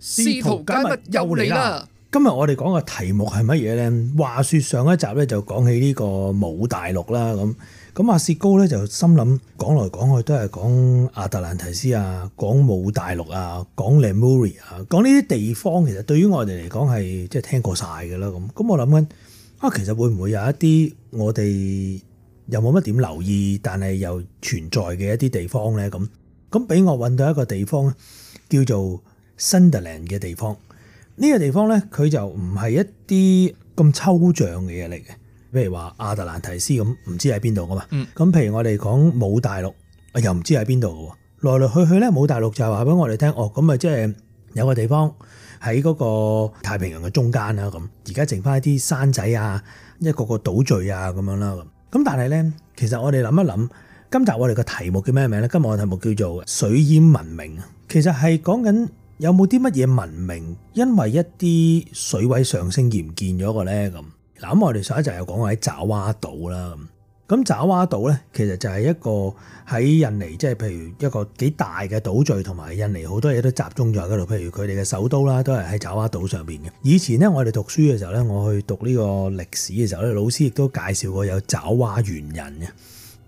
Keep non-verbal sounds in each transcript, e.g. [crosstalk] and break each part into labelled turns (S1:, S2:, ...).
S1: 試圖解密又嚟啦！今日我哋講嘅題目係乜嘢咧？話說上一集咧就講起呢個武大陸啦，咁咁阿薛高咧就心諗，講嚟講去都係講亞特蘭提斯啊，講武大陸啊，講 Lemuria 啊，講呢啲地方其實對於我哋嚟講係即係聽過晒嘅啦，咁咁我諗緊啊，其實會唔會有一啲我哋又冇乜點留意，但係又存在嘅一啲地方咧？咁咁俾我搵到一個地方叫做。Sundaland 嘅地方，呢、這個地方咧，佢就唔係一啲咁抽象嘅嘢嚟嘅，譬如話亞特蘭提斯咁，唔知喺邊度噶嘛。咁譬如我哋講冇大陸，又唔知喺邊度嘅喎，來來去去咧冇大陸就係話俾我哋聽，哦咁啊，即係有個地方喺嗰個太平洋嘅中間啊咁，而家剩翻一啲山仔啊，一個個島嶼啊咁樣啦咁。咁但係咧，其實我哋諗一諗，今集我哋嘅題目叫咩名咧？今日嘅題目叫做水淹文明，其實係講緊。有冇啲乜嘢文明，因為一啲水位上升而唔見咗個咧？咁嗱，咁我哋上一集有講過喺爪哇島啦。咁爪哇島咧，其實就係一個喺印尼，即係譬如一個幾大嘅島嶼，同埋印尼好多嘢都集中在嗰度。譬如佢哋嘅首都啦，都係喺爪哇島上邊嘅。以前咧，我哋讀書嘅時候咧，我去讀呢個歷史嘅時候咧，老師亦都介紹過有爪哇猿人嘅。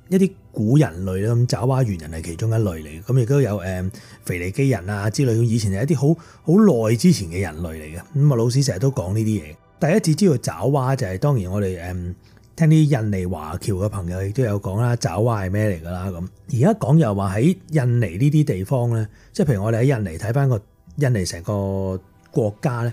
S1: 一啲古人類啦，咁爪哇猿人係其中一類嚟嘅，咁亦都有誒腓尼基人啊之類，以前係一啲好好耐之前嘅人類嚟嘅。咁啊，老師成日都講呢啲嘢。第一次知道爪哇就係當然我哋誒聽啲印尼華僑嘅朋友亦都有講啦，爪哇係咩嚟㗎啦咁。而家講又話喺印尼呢啲地方咧，即係譬如我哋喺印尼睇翻個印尼成個國家咧，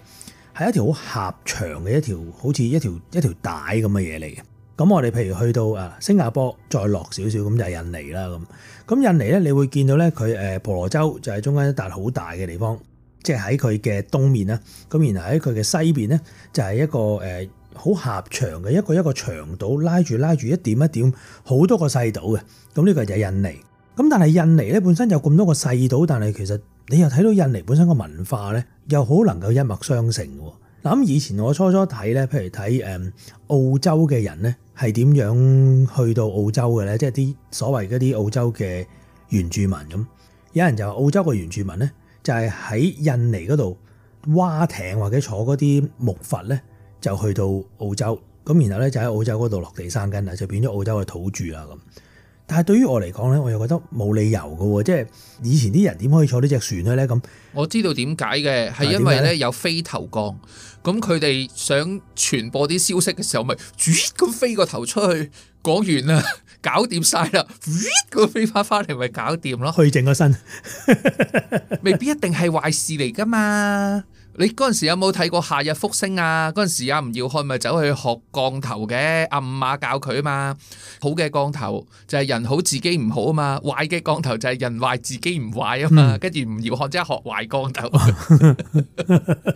S1: 係一條好狹長嘅一條好似一條一條帶咁嘅嘢嚟嘅。咁我哋譬如去到啊新加坡，再落少少咁就係印尼啦咁。咁印尼咧，你會見到咧佢誒婆羅洲就係中間一笪好大嘅地方，即係喺佢嘅東面啦。咁然後喺佢嘅西邊咧，就係誒一個好狹長嘅一個一個長島，拉住拉住一點一點，好多個細島嘅。咁呢個就係印尼。咁但係印尼咧本身有咁多個細島，但係其實你又睇到印尼本身個文化咧，又好能夠一脈相承喎。咁以前我初初睇咧，譬如睇誒澳洲嘅人咧，係點樣去到澳洲嘅咧？即係啲所謂嗰啲澳洲嘅原住民咁，有人就話澳洲嘅原住民咧，就係喺印尼嗰度劃艇或者坐嗰啲木筏咧，就去到澳洲，咁然後咧就喺澳洲嗰度落地生根啦，就變咗澳洲嘅土著啦咁。但係對於我嚟講咧，我又覺得冇理由嘅，即係以前啲人點可以坐呢隻船咧？咁
S2: 我知道點解嘅，係因為咧有飛頭降。咁佢哋想傳播啲消息嘅時候，咪咁飛個頭出去，講完啦，搞掂晒啦，咁飛翻翻嚟咪搞掂咯，
S1: 去淨個身，
S2: [laughs] 未必一定係壞事嚟噶嘛。你嗰陣時有冇睇過《夏日福星》啊？嗰陣時阿吳耀漢咪走去學降頭嘅，阿午馬教佢啊嘛。好嘅降頭就係人好自己唔好啊嘛，壞嘅降頭就係人壞自己唔壞啊嘛。跟住吳耀漢即係學壞降頭，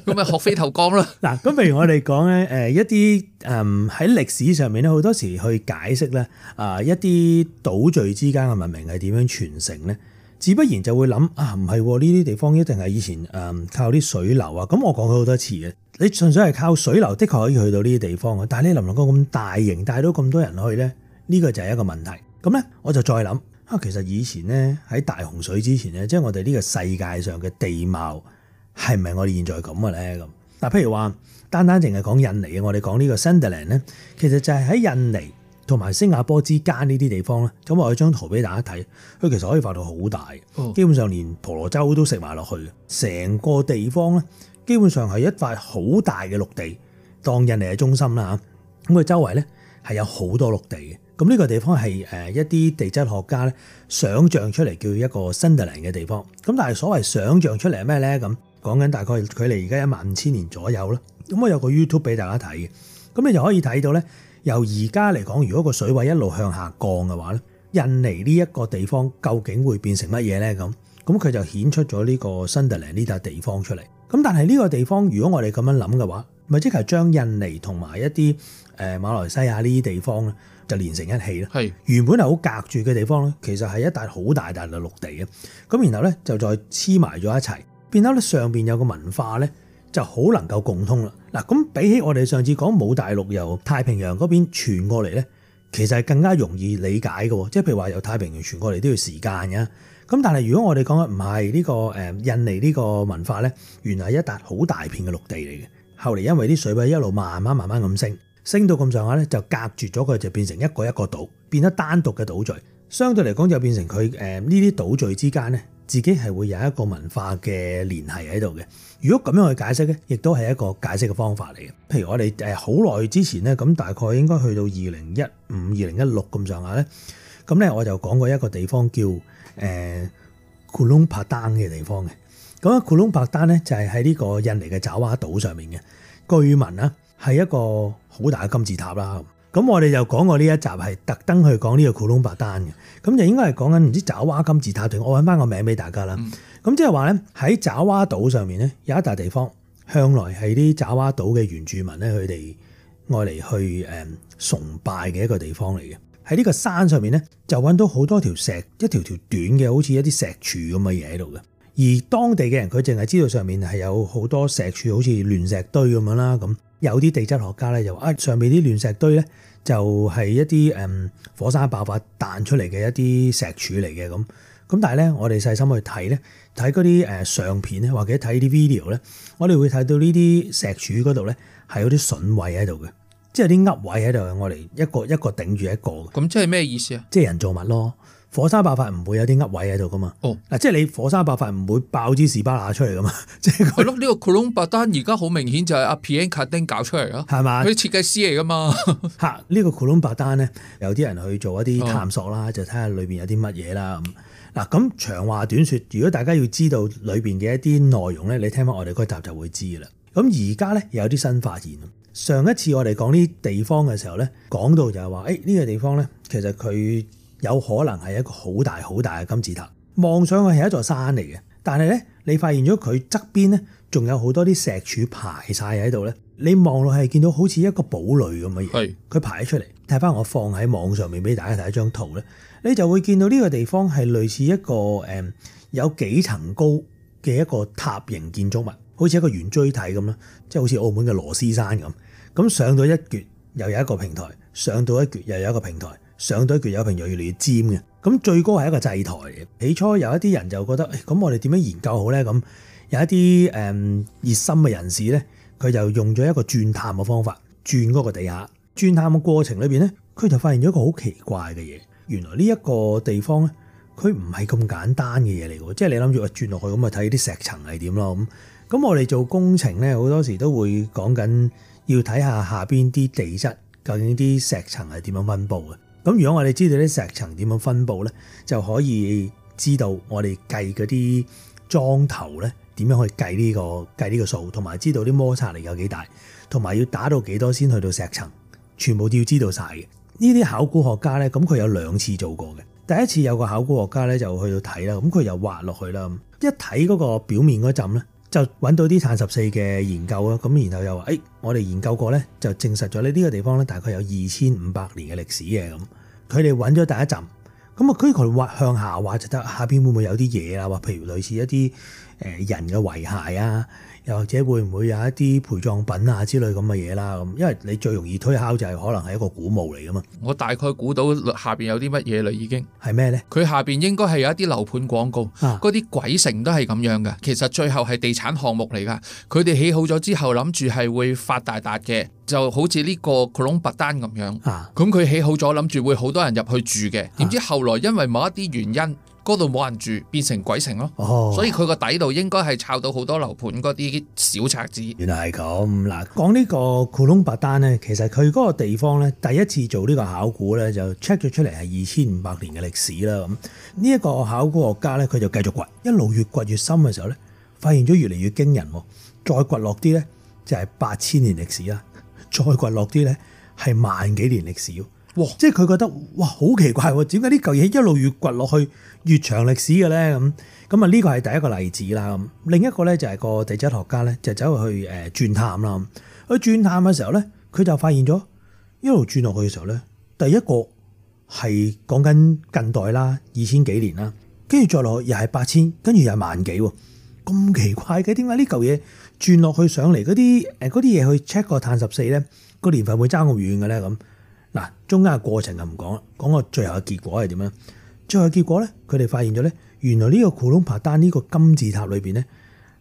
S1: 咁咪學飛頭降咯。嗱，咁譬如我哋講咧，誒，一啲誒喺歷史上面咧，好多時去解釋咧，啊，一啲島嶼之間嘅文明係點樣傳承咧？自不然就會諗啊，唔係喎，呢啲地方一定係以前誒、嗯、靠啲水流啊。咁我講過好多次嘅，你純粹係靠水流，的確可以去到呢啲地方啊。但係你能唔能夠咁大型，帶到咁多人去呢？呢、呢個就係一個問題。咁呢，我就再諗啊，其實以前呢，喺大洪水之前呢，即、就、係、係、我哋呢個世界上嘅地貌係咪我哋現在咁嘅呢？咁嗱，譬如話單單淨係講印尼我哋講呢個 Sundaland 呢，其實就係喺印尼。同埋新加坡之間呢啲地方咧，咁我有張圖俾大家睇，佢其實可以發到好大，基本上連婆羅洲都食埋落去嘅，成個地方咧基本上係一塊好大嘅陸地當印尼嘅中心啦嚇，咁佢周圍咧係有好多陸地嘅，咁呢個地方係誒一啲地質學家咧想像出嚟叫一個新特靈嘅地方，咁但係所謂想像出嚟係咩咧？咁講緊大概距離而家一萬五千年左右啦，咁我有個 YouTube 俾大家睇嘅。咁你就可以睇到咧，由而家嚟講，如果個水位一路向下降嘅話咧，印尼呢一個地方究竟會變成乜嘢咧？咁咁佢就顯出咗呢個新德蘭呢笪地方出嚟。咁但係呢個地方，如果我哋咁樣諗嘅話，咪即係將印尼同埋一啲誒馬來西亞呢啲地方咧，就連成一氣啦。係原本係好隔住嘅地方咧，其實係一笪好大笪嘅陸地嘅。咁然後咧就再黐埋咗一齊，變咗咧上面有個文化咧。就好能夠共通啦。嗱，咁比起我哋上次講武大陸由太平洋嗰邊傳過嚟咧，其實係更加容易理解嘅。即係譬如話由太平洋傳過嚟都要時間嘅。咁但係如果我哋講嘅唔係呢個誒印尼呢個文化咧，原來係一笪好大片嘅陸地嚟嘅。後嚟因為啲水位一路慢慢慢慢咁升，升到咁上下咧，就隔絕咗佢就變成一個一個島，變得單獨嘅島嶼。相對嚟講就變成佢誒呢啲島嶼之間咧。自己係會有一個文化嘅聯繫喺度嘅。如果咁樣去解釋咧，亦都係一個解釋嘅方法嚟嘅。譬如我哋誒好耐之前咧，咁大概應該去到二零一五、二零一六咁上下咧，咁咧我就講過一個地方叫誒庫隆帕丹嘅地方嘅。咁啊庫隆帕丹咧就係喺呢個印尼嘅爪哇島上面嘅。據聞啊，係一個好大嘅金字塔啦。咁我哋就講過呢一集係特登去講呢個古隆伯丹嘅，咁就應該係講緊唔知爪哇金字塔定我揾翻個名俾大家啦。咁即係話咧，喺爪哇島上面咧，有一笪地方向來係啲爪哇島嘅原住民咧，佢哋愛嚟去崇拜嘅一個地方嚟嘅。喺呢、嗯、個山上面咧，就揾到好多條石，一條條短嘅，好似一啲石柱咁嘅嘢喺度嘅，而當地嘅人佢淨係知道上面係有好多石柱好似亂石堆咁樣啦咁。有啲地質學家咧就話啊，上面啲亂石堆咧就係一啲誒火山爆發彈出嚟嘅一啲石柱嚟嘅咁。咁但係咧，我哋細心去睇咧，睇嗰啲誒相片咧，或者睇啲 video 咧，我哋會睇到呢啲石柱嗰度咧係有啲筍位喺度嘅，即係啲鈎位喺度，我哋一個一個頂住一個。咁即係咩意思啊？即係人造物咯。火山爆發唔會有啲噏位喺度噶嘛？哦，嗱，即係你火山爆發唔會爆支士巴拿出嚟噶嘛？即
S2: 係佢咯，呢、這個 Gunung Padang 而家好明顯就係阿 Pierre Cardin 搞出嚟咯，係嘛吧？佢設計師嚟噶嘛？
S1: 吓， [laughs] 呢、這個 Gunung Padang 咧，有啲人去做一啲探索啦，哦、就睇下裏邊有啲乜嘢啦。咁嗱，咁長話短説，如果大家要知道裏邊嘅一啲內容咧，你聽翻我哋嗰集就會知啦。咁而家咧，有啲新發現。上一次我哋講呢地方嘅時候咧，講到就係話，誒、欸、呢、這個地方咧，其實佢，有可能係一個好大好大嘅金字塔，望上去係一座山嚟嘅。但係咧，你發現咗佢側邊咧，仲有好多啲石柱排晒喺度咧。你望落係見到好似一個堡壘咁嘅嘢，佢排咗出嚟。睇翻我放喺網上面俾大家睇一張圖咧，你就會見到呢個地方係類似一個誒有幾層高嘅一個塔形建築物，好似一個圓錐體咁啦，即係好似澳門嘅螺絲山咁。咁上到一撅又有一個平台，上到一撅又有一個平台。上到鉛有瓶鋯越嚟越尖嘅，咁最高係一個祭台嘅。起初有一啲人就覺得，咁、哎、我哋點樣研究好咧？咁有一啲誒、嗯、熱心嘅人士咧，佢就用咗一個鑽探嘅方法，鑽嗰個地下。鑽探嘅過程裏面咧，佢就發現咗一個好奇怪嘅嘢。原來呢一個地方咧，佢唔係咁簡單嘅嘢嚟嘅，即係你諗住話鑽落去咁啊睇啲石層係點咯咁。咁我哋做工程咧，好多時都會講緊要睇下下邊啲地質究竟啲石層係點樣分布嘅。咁如果我哋知道啲石層點樣分布呢，就可以知道我哋計嗰啲裝頭呢點樣去計呢個計呢個數，同埋知道啲摩擦力有幾大，同埋要打到幾多先去到石層，全部都要知道晒嘅。呢啲考古學家呢，咁佢有兩次做過嘅。第一次有個考古學家呢，就去到睇啦，咁佢又滑落去啦，一睇嗰個表面嗰陣呢就揾到啲碳十四嘅研究，咁然後又話，誒、哎，我哋研究過咧，就證實咗呢個地方咧，大概有二千五百年嘅歷史嘅咁。佢哋揾咗第一浸，咁啊，所以佢挖向下挖就得，下邊會唔會有啲嘢啊？話譬如類似一啲人嘅遺骸啊。又或者會唔會有一啲陪葬品啊之類咁嘅嘢啦？咁因為你最容易推敲就係可能係一個古墓嚟噶嘛。
S2: 我大概估到下邊有啲乜嘢啦，已經係咩呢？佢下邊應該係有一啲樓盤廣告。啊，嗰啲鬼城都係咁樣嘅。其實最後係地產項目嚟噶。佢哋起好咗之後，諗住係會發大達嘅，就好似呢個克隆白丹咁樣。啊，咁佢起好咗，諗住會好多人入去住嘅。點知後來因為某一啲原因。嗰度冇人住，變成鬼城咯。
S1: 哦，oh，所以佢
S2: 個底度應該係抄到好多樓盤嗰啲小冊子。原來係咁。
S1: 嗱，講呢個窟窿白丹咧，其實佢嗰個地方咧，第一次做呢個考古咧，就 check 咗出嚟係二千五百年嘅歷史啦。咁呢一個考古學家咧，佢就繼續掘，一路越掘越深嘅時候咧，發現咗越嚟越驚人喎。再掘落啲咧，就係八千年歷史啦。再掘落啲咧，係萬幾年歷史。即係佢覺得哇，好奇怪喎！點解呢嚿嘢一路越掘落去越長歷史嘅咧？咁咁啊，呢個係第一個例子啦。咁另一個咧就係個地質學家咧，就走去誒鑽探啦。去鑽探嘅時候咧，佢就發現咗一路鑽落去嘅時候咧，第一個係講緊近代啦，二千幾年啦，跟住再落又係八千，跟住又係萬幾，咁奇怪嘅？點解呢嚿嘢轉落去上嚟嗰啲誒啲嘢去 check 個碳十四咧，個年份會爭好遠嘅咧？咁？嗱，中間嘅過程就唔講，講個最後嘅結果係點樣？最後嘅結果咧，佢哋發現咗咧，原來呢個窟窿爬丹呢個金字塔裏邊咧，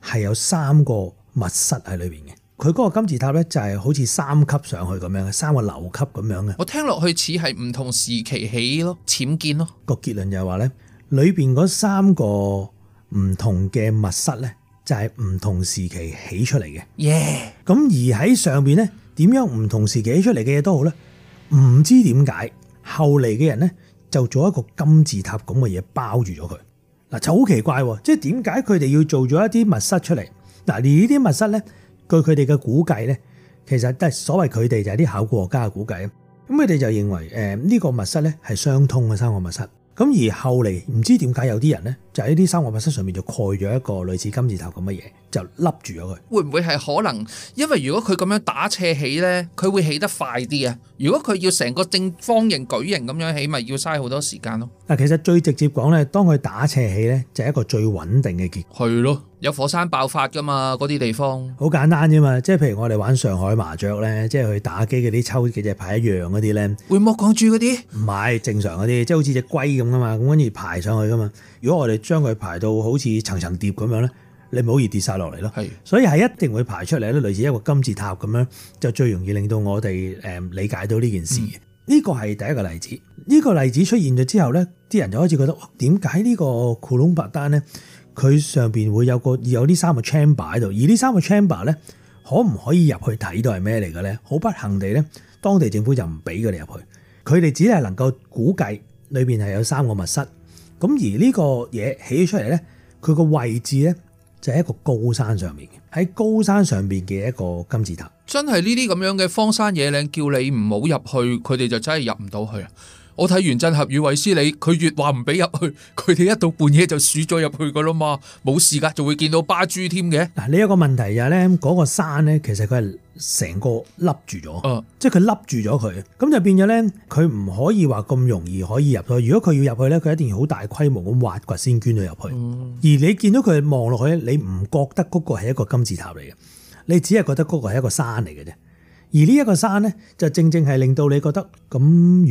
S1: 係有三個密室喺裏邊嘅。佢嗰個金字塔咧就係好似三級上去咁樣嘅，三個樓級咁樣嘅。
S2: 我聽落去似係唔同時期起咯，僭建咯。
S1: 個結論就係話咧，裏邊嗰三個唔同嘅密室咧，就係唔同時期起出嚟嘅。耶、yeah.！咁而喺上邊咧，點樣唔同時期起出嚟嘅嘢都好啦。唔知點解，後嚟嘅人呢就做一個金字塔咁嘅嘢，包住咗佢。嗱，就好奇怪，即係點解佢哋要做咗一啲密室出嚟？嗱，而呢啲密室呢，據佢哋嘅估計呢，其實都係所謂佢哋就係啲考古學家嘅估計。咁佢哋就認為，誒，呢個密室呢係相通嘅三個密室。咁而後嚟唔知點解有啲人呢。就喺啲生活物身上面就蓋咗一個類似金字塔咁嘅嘢，就笠住咗佢。
S2: 會唔會係可能？因為如果佢咁樣打斜起咧，佢會起得快啲啊！如果佢要成個正方形、矩形咁樣起，咪要嘥好多時間咯。
S1: 嗱，其實最直接講咧，當佢打斜起咧，就係、是、一個最穩定嘅結
S2: 局。係咯，有火山爆發噶嘛，嗰啲地方。
S1: 好簡單啫嘛，即係譬如我哋玩上海麻雀咧，即係去打機嗰啲抽幾隻牌一樣嗰啲咧，會剝光豬嗰啲？唔係正常嗰啲，即係好似隻龜咁噶嘛，咁跟住排上去噶嘛。如果我哋將佢排到好似層層疊咁樣咧，你唔好易跌晒落嚟咯。係，所以係一定會排出嚟咧，類似一個金字塔咁樣，就最容易令到我哋誒理解到呢件事。呢個係第一個例子。呢個例子出現咗之後咧，啲人就開始覺得，點解呢個庫隆白丹咧，佢上面會有個有呢三個 chamber 喺度，而呢三個 chamber 咧，可唔可以入去睇到係咩嚟嘅咧？好不幸地咧，當地政府就唔俾佢哋入去，佢哋只係能夠估計裏面係有三個密室。咁而呢個嘢起出嚟呢，佢個位置呢就係一個高山上面嘅，喺高山上面嘅一個金字塔。
S2: 真係呢啲咁樣嘅荒山野嶺，叫你唔好入去，佢哋就真係入唔到去啊！我睇完《原振俠與衛斯理》，佢越話唔俾入去，佢哋一到半夜就鼠咗入去㗎喇嘛，冇事㗎，仲會見到巴豬添嘅。
S1: 嗱，呢一個問題啊就係咧，嗰個山咧，其實佢係成個凹住咗、嗯，即係佢凹住咗佢，咁就變咗咧，佢唔可以話咁容易可以入去。如果佢要入去咧，佢一定要好大規模咁挖掘先捐咗入去、嗯。而你見到佢望落去，你唔覺得嗰個係一個金字塔嚟嘅？你只係覺得嗰個係一個山嚟嘅啫。而呢一個山咧，就正正係令到你覺得咁。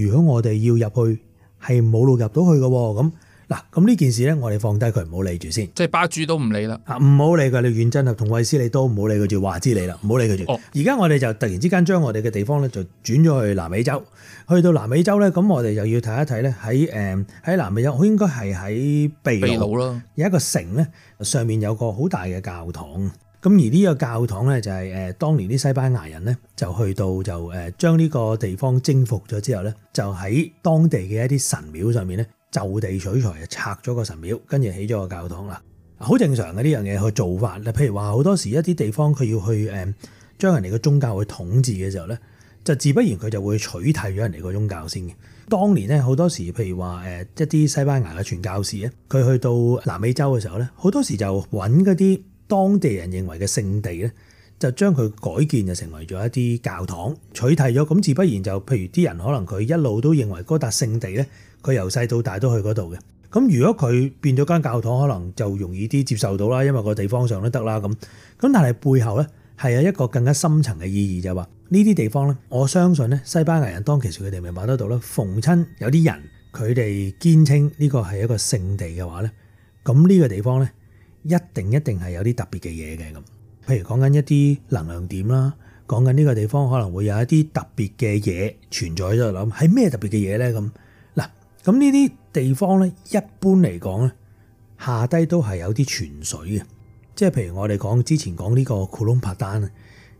S1: 如果我哋要入去，係冇路入到去嘅喎。咁嗱，咁呢件事咧，我哋放低佢，唔好理住先。
S2: 即係巴主都唔理啦。
S1: 啊，唔好理佢，原振俠啊，同衛斯理都唔好理佢住，話之你啦，唔好理佢住。而家我哋就突然之間將我哋嘅地方咧，就轉咗去南美洲。去到南美洲咧，咁我哋又要睇一睇咧，喺喺南美洲，應該係喺秘魯咯，有一個城咧，上面有個好大嘅教堂。咁而呢個教堂咧就係誒，當年啲西班牙人咧就去到就誒，將呢個地方征服咗之後咧，就喺當地嘅一啲神廟上面咧，就地取材，就拆咗個神廟，跟住起咗個教堂啦。好正常嘅呢樣嘢去做法啦。譬如話好多時一啲地方佢要去誒，將人哋嘅宗教去統治嘅時候咧，就自不然佢就會取替咗人哋個宗教先嘅。當年咧，好多時譬如話一啲西班牙嘅傳教士咧，佢去到南美洲嘅時候咧，好多時就揾嗰啲，當地人認為嘅聖地咧，就將佢改建就成為咗一啲教堂，取締咗咁，自不然就譬如啲人可能佢一路都認為嗰笪聖地咧，佢由細到大都去嗰度嘅。咁如果佢變咗間教堂，可能就容易啲接受到啦，因為個地方上都得啦咁。咁但係背後咧係有一個更加深層嘅意義，就係話呢啲地方咧，我相信咧西班牙人當其時佢哋明白得到咧，逢親有啲人佢哋堅稱呢個係一個聖地嘅話咧，咁、這、呢個地方咧。一定一定係有啲特別嘅嘢嘅，咁，譬如講緊一啲能量點啦，講緊呢個地方可能會有一啲特別嘅嘢存在喺度。諗係咩特別嘅嘢呢？咁嗱，咁呢啲地方咧，一般嚟講咧，下低都係有啲泉水嘅，即係譬如我哋講之前講呢個庫隆帕丹咧，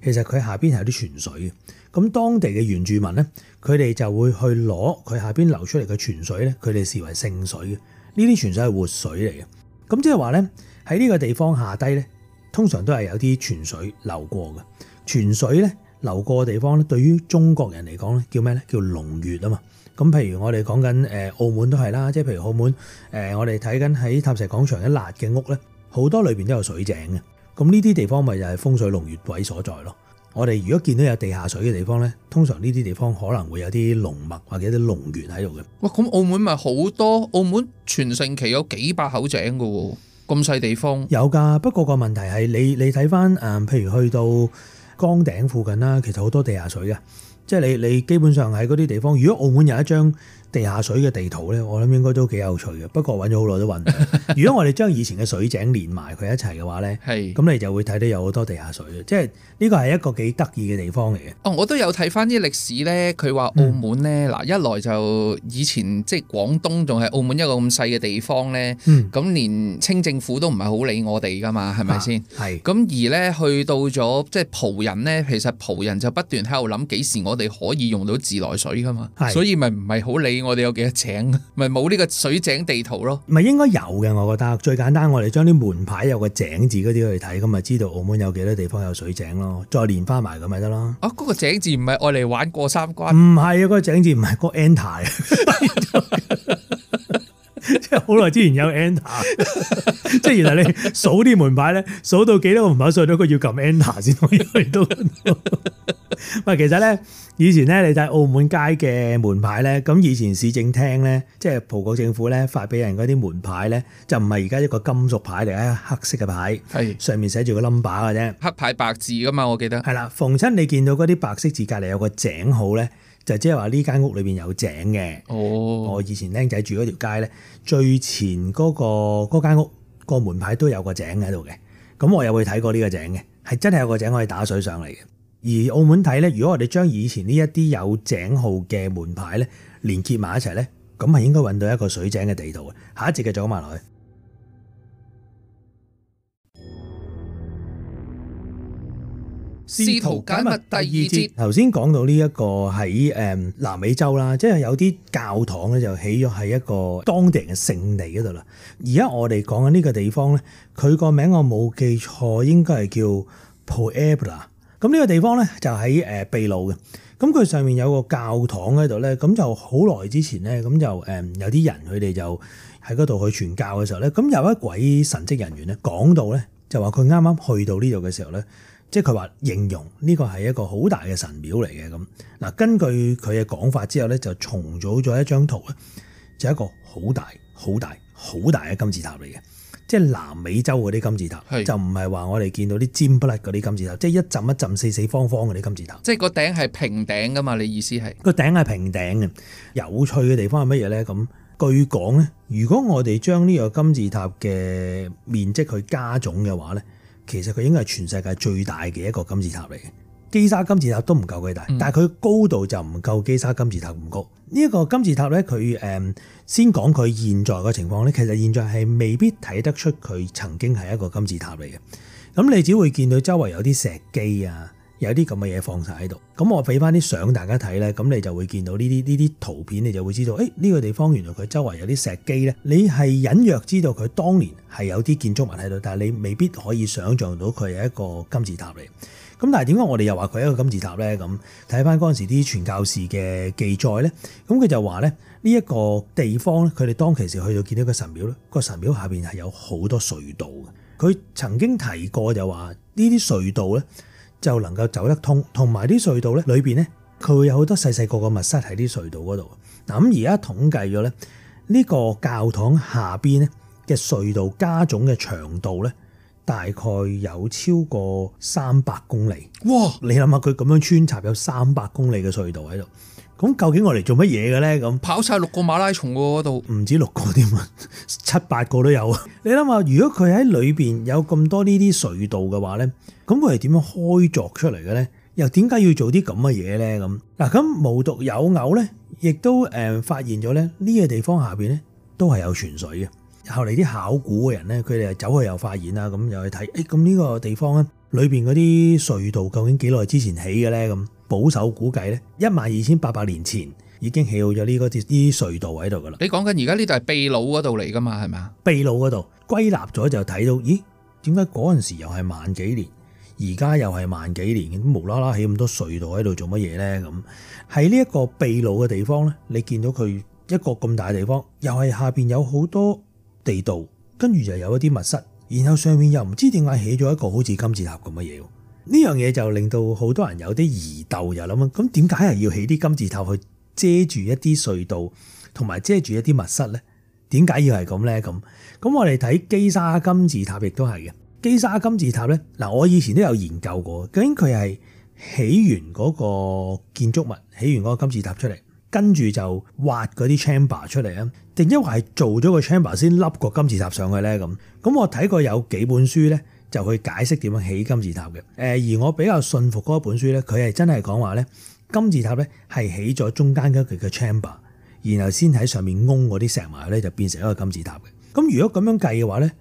S1: 其實佢下邊係有啲泉水嘅。咁當地嘅原住民咧，佢哋就會去攞佢下邊流出嚟嘅泉水咧，佢哋視為聖水嘅。呢啲泉水係活水嚟嘅，咁即係話咧。喺呢個地方下低呢，通常都係有啲泉水流過嘅。泉水呢，流過嘅地方咧，對於中國人嚟講呢叫咩呢？叫龍穴啊嘛。咁譬如我哋講緊誒澳門都係啦，即係譬如澳門誒，我哋睇緊喺塔石廣場一攔嘅屋呢，好多裏邊都有水井嘅。咁呢啲地方咪就係風水龍穴位所在咯。我哋如果見到有地下水嘅地方呢，通常呢啲地方可能會有啲龍脈或者啲龍穴喺度嘅。
S2: 哇！咁澳門咪好多澳門全盛期有幾百口井嘅喎、哦。咁細
S1: 地方有㗎，不過個問題係你你睇返誒，譬如去到崗頂附近啦，其實好多地下水嘅，即係你你基本上喺嗰啲地方，如果澳門有一張地下水嘅地圖咧，我諗應該都幾有趣嘅。不過揾咗好耐都揾。 [laughs] 如果我哋將以前嘅水井連埋佢一齊嘅話咧，係 [laughs] 咁你就會睇到有好多地下水嘅，即係呢個係一個幾得意嘅地方嚟
S2: 嘅。哦，我都有睇翻啲歷史咧，佢話澳門咧嗱、嗯，一來就以前即係廣東仲係澳門一個咁細嘅地方咧，咁、嗯、連清政府都唔係好理我哋噶嘛，係咪先？係、啊、咁而咧去到咗即係葡人咧，其實葡人就不斷喺度諗幾時我哋可以用到自來水噶嘛，所以咪唔係好理。我哋有幾多井？咪冇呢個水井地圖咯。
S1: 咪應該有嘅。我覺得最簡單，我哋將啲門牌有個井字嗰啲去睇，咁咪知道澳門有幾多地方有水井咯。再連翻埋咁咪得咯。啊，嗰個井字唔係愛嚟玩過三關？唔係啊，嗰個井字唔係個 enter。 [laughs] [laughs] 即係好耐之前有 enter，即係原來你數啲門牌咧，數到幾多個門牌上到佢要撳 enter 先可以去到。唔係其實咧，以前咧你睇澳門街嘅門牌咧，咁以前市政廳咧，即係葡國政府咧發俾人嗰啲門牌咧，就唔係而家一個金屬牌嚟嘅，黑色嘅牌，係上面寫住個 number 嘅啫，黑牌
S2: 白字㗎嘛，我記得。係啦，
S1: 逢親你見到嗰啲白色字隔離有個井號咧。就即係話呢間屋裏面有井嘅。哦、oh.，我以前僆仔住嗰條街咧，最前嗰、嗰個嗰間屋個門牌都有個井喺度嘅。咁我又會睇過呢個井嘅，係真係有個井可以打水上嚟嘅。而澳門睇咧，如果我哋將以前呢一啲有井號嘅門牌咧連結埋一齊咧，咁係應該揾到一個水井嘅地圖嘅。下一節嘅再講埋落去。
S2: 試圖解密第二節。頭
S1: 先講到呢一個喺誒南美洲啦，即係有啲教堂咧就起咗喺一個當地人嘅聖地嗰度啦。而家我哋講緊呢個地方咧，佢個名我冇記錯，應該係叫 Poebla。咁呢個地方咧就喺誒秘魯嘅。咁佢上面有個教堂喺度咧，咁就好耐之前咧，咁就誒有啲人佢哋就喺嗰度去傳教嘅時候咧，咁有一位神職人員咧講到咧，就話佢啱啱去到呢度嘅時候咧。即係佢話形容呢個係一個好大嘅神廟嚟嘅。咁嗱，根據佢嘅講法之後咧，就重組咗一張圖啊，就係一個好大、好大、好大嘅金字塔嚟嘅，即係南美洲嗰啲金字塔，是就唔係話我哋見到啲尖不甩嗰啲金字塔，即係一浸一浸、四四方方嘅啲金字塔，即
S2: 係個頂係平頂噶嘛？你意思係？
S1: 個頂係平頂嘅，有趣嘅地方係乜嘢咧？咁據講咧，如果我哋將呢個金字塔嘅面積去加總嘅話咧。其實佢應該係全世界最大嘅一個金字塔嚟嘅，基沙金字塔都唔夠佢大，嗯、但係佢高度就唔夠基沙金字塔咁高。呢一個金字塔咧，佢誒先講佢現在嘅情況咧，其實現在係未必睇得出佢曾經係一個金字塔嚟嘅。咁你只會見到周圍有啲石基啊。有啲咁嘅嘢放晒喺度，咁我俾翻啲相大家睇咧，咁你就會見到呢啲呢啲圖片，你就會知道，誒呢個地方原來佢周圍有啲石基咧，你係隱約知道佢當年係有啲建築物喺度，但係你未必可以想像到佢係一個金字塔嚟。咁但係點解我哋又話佢係一個金字塔咧？咁睇翻嗰陣時啲傳教士嘅記載咧，咁佢就話咧呢一個地方咧，佢哋當其時去到見到個神廟咧，個神廟下邊係有好多隧道嘅。佢曾經提過就話呢啲隧道咧。就能夠走得通，同埋啲隧道咧，裏邊咧佢會有好多細細個個密室喺啲隧道嗰度。嗱咁而家統計咗咧，呢個教堂下邊咧嘅隧道加總嘅長度咧，大概有超過三百公里。哇！你諗下，佢咁樣穿插有三百公里嘅隧道喺度。咁究竟我嚟做乜嘢嘅咧？咁跑晒六個馬拉松嗰度唔止六個添啊，七八個都有。你諗下，如果佢喺裏邊有咁多呢啲隧道嘅話咧，咁佢係點樣開鑿出嚟嘅咧？又點解要做啲咁嘅嘢咧？咁嗱，咁無獨有偶咧，亦都誒發現咗咧，呢個地方下邊咧都係有泉水嘅。後嚟啲考古嘅人咧，佢哋又走去又發現啦，咁又去睇，誒咁呢個地方咧，裏邊嗰啲隧道究竟幾耐之前起嘅咧？咁。保守估計咧，一萬二千八百年前已經起好咗呢個啲隧道喺度噶啦。你講緊而家呢度係秘魯嗰度嚟噶嘛？係咪啊？秘魯嗰度歸納咗就睇到，咦？點解嗰陣時又係萬幾年，而家又係萬幾年，咁無啦啦起咁多隧道喺度做乜嘢呢？咁喺呢一個秘魯嘅地方呢，你見到佢一個咁大嘅地方，又係下面有好多地道，跟住就有一啲密室，然後上面又唔知點解起咗一個好似金字塔咁嘅嘢。呢樣嘢就令到好多人有啲疑竇，就諗咁點解係要起啲金字塔去遮住一啲隧道，同埋遮住一啲密室呢？點解要係咁呢？咁咁我哋睇基沙金字塔亦都係嘅。基沙金字塔呢，嗱，我以前都有研究過，究竟佢係起完嗰個建築物，起完嗰個金字塔出嚟，跟住就挖嗰啲 chamber 出嚟啊？定因為係做咗個 chamber 先笠個金字塔上去呢？咁咁我睇過有幾本書呢。就去解釋點樣起金字塔嘅，誒而我比較信服嗰一本書咧，佢係真係講話咧，金字塔咧係起咗中間嗰個嘅 chamber，然後先喺上面拱嗰啲石塊咧就變成一個金字塔嘅。咁如果咁樣計嘅話咧，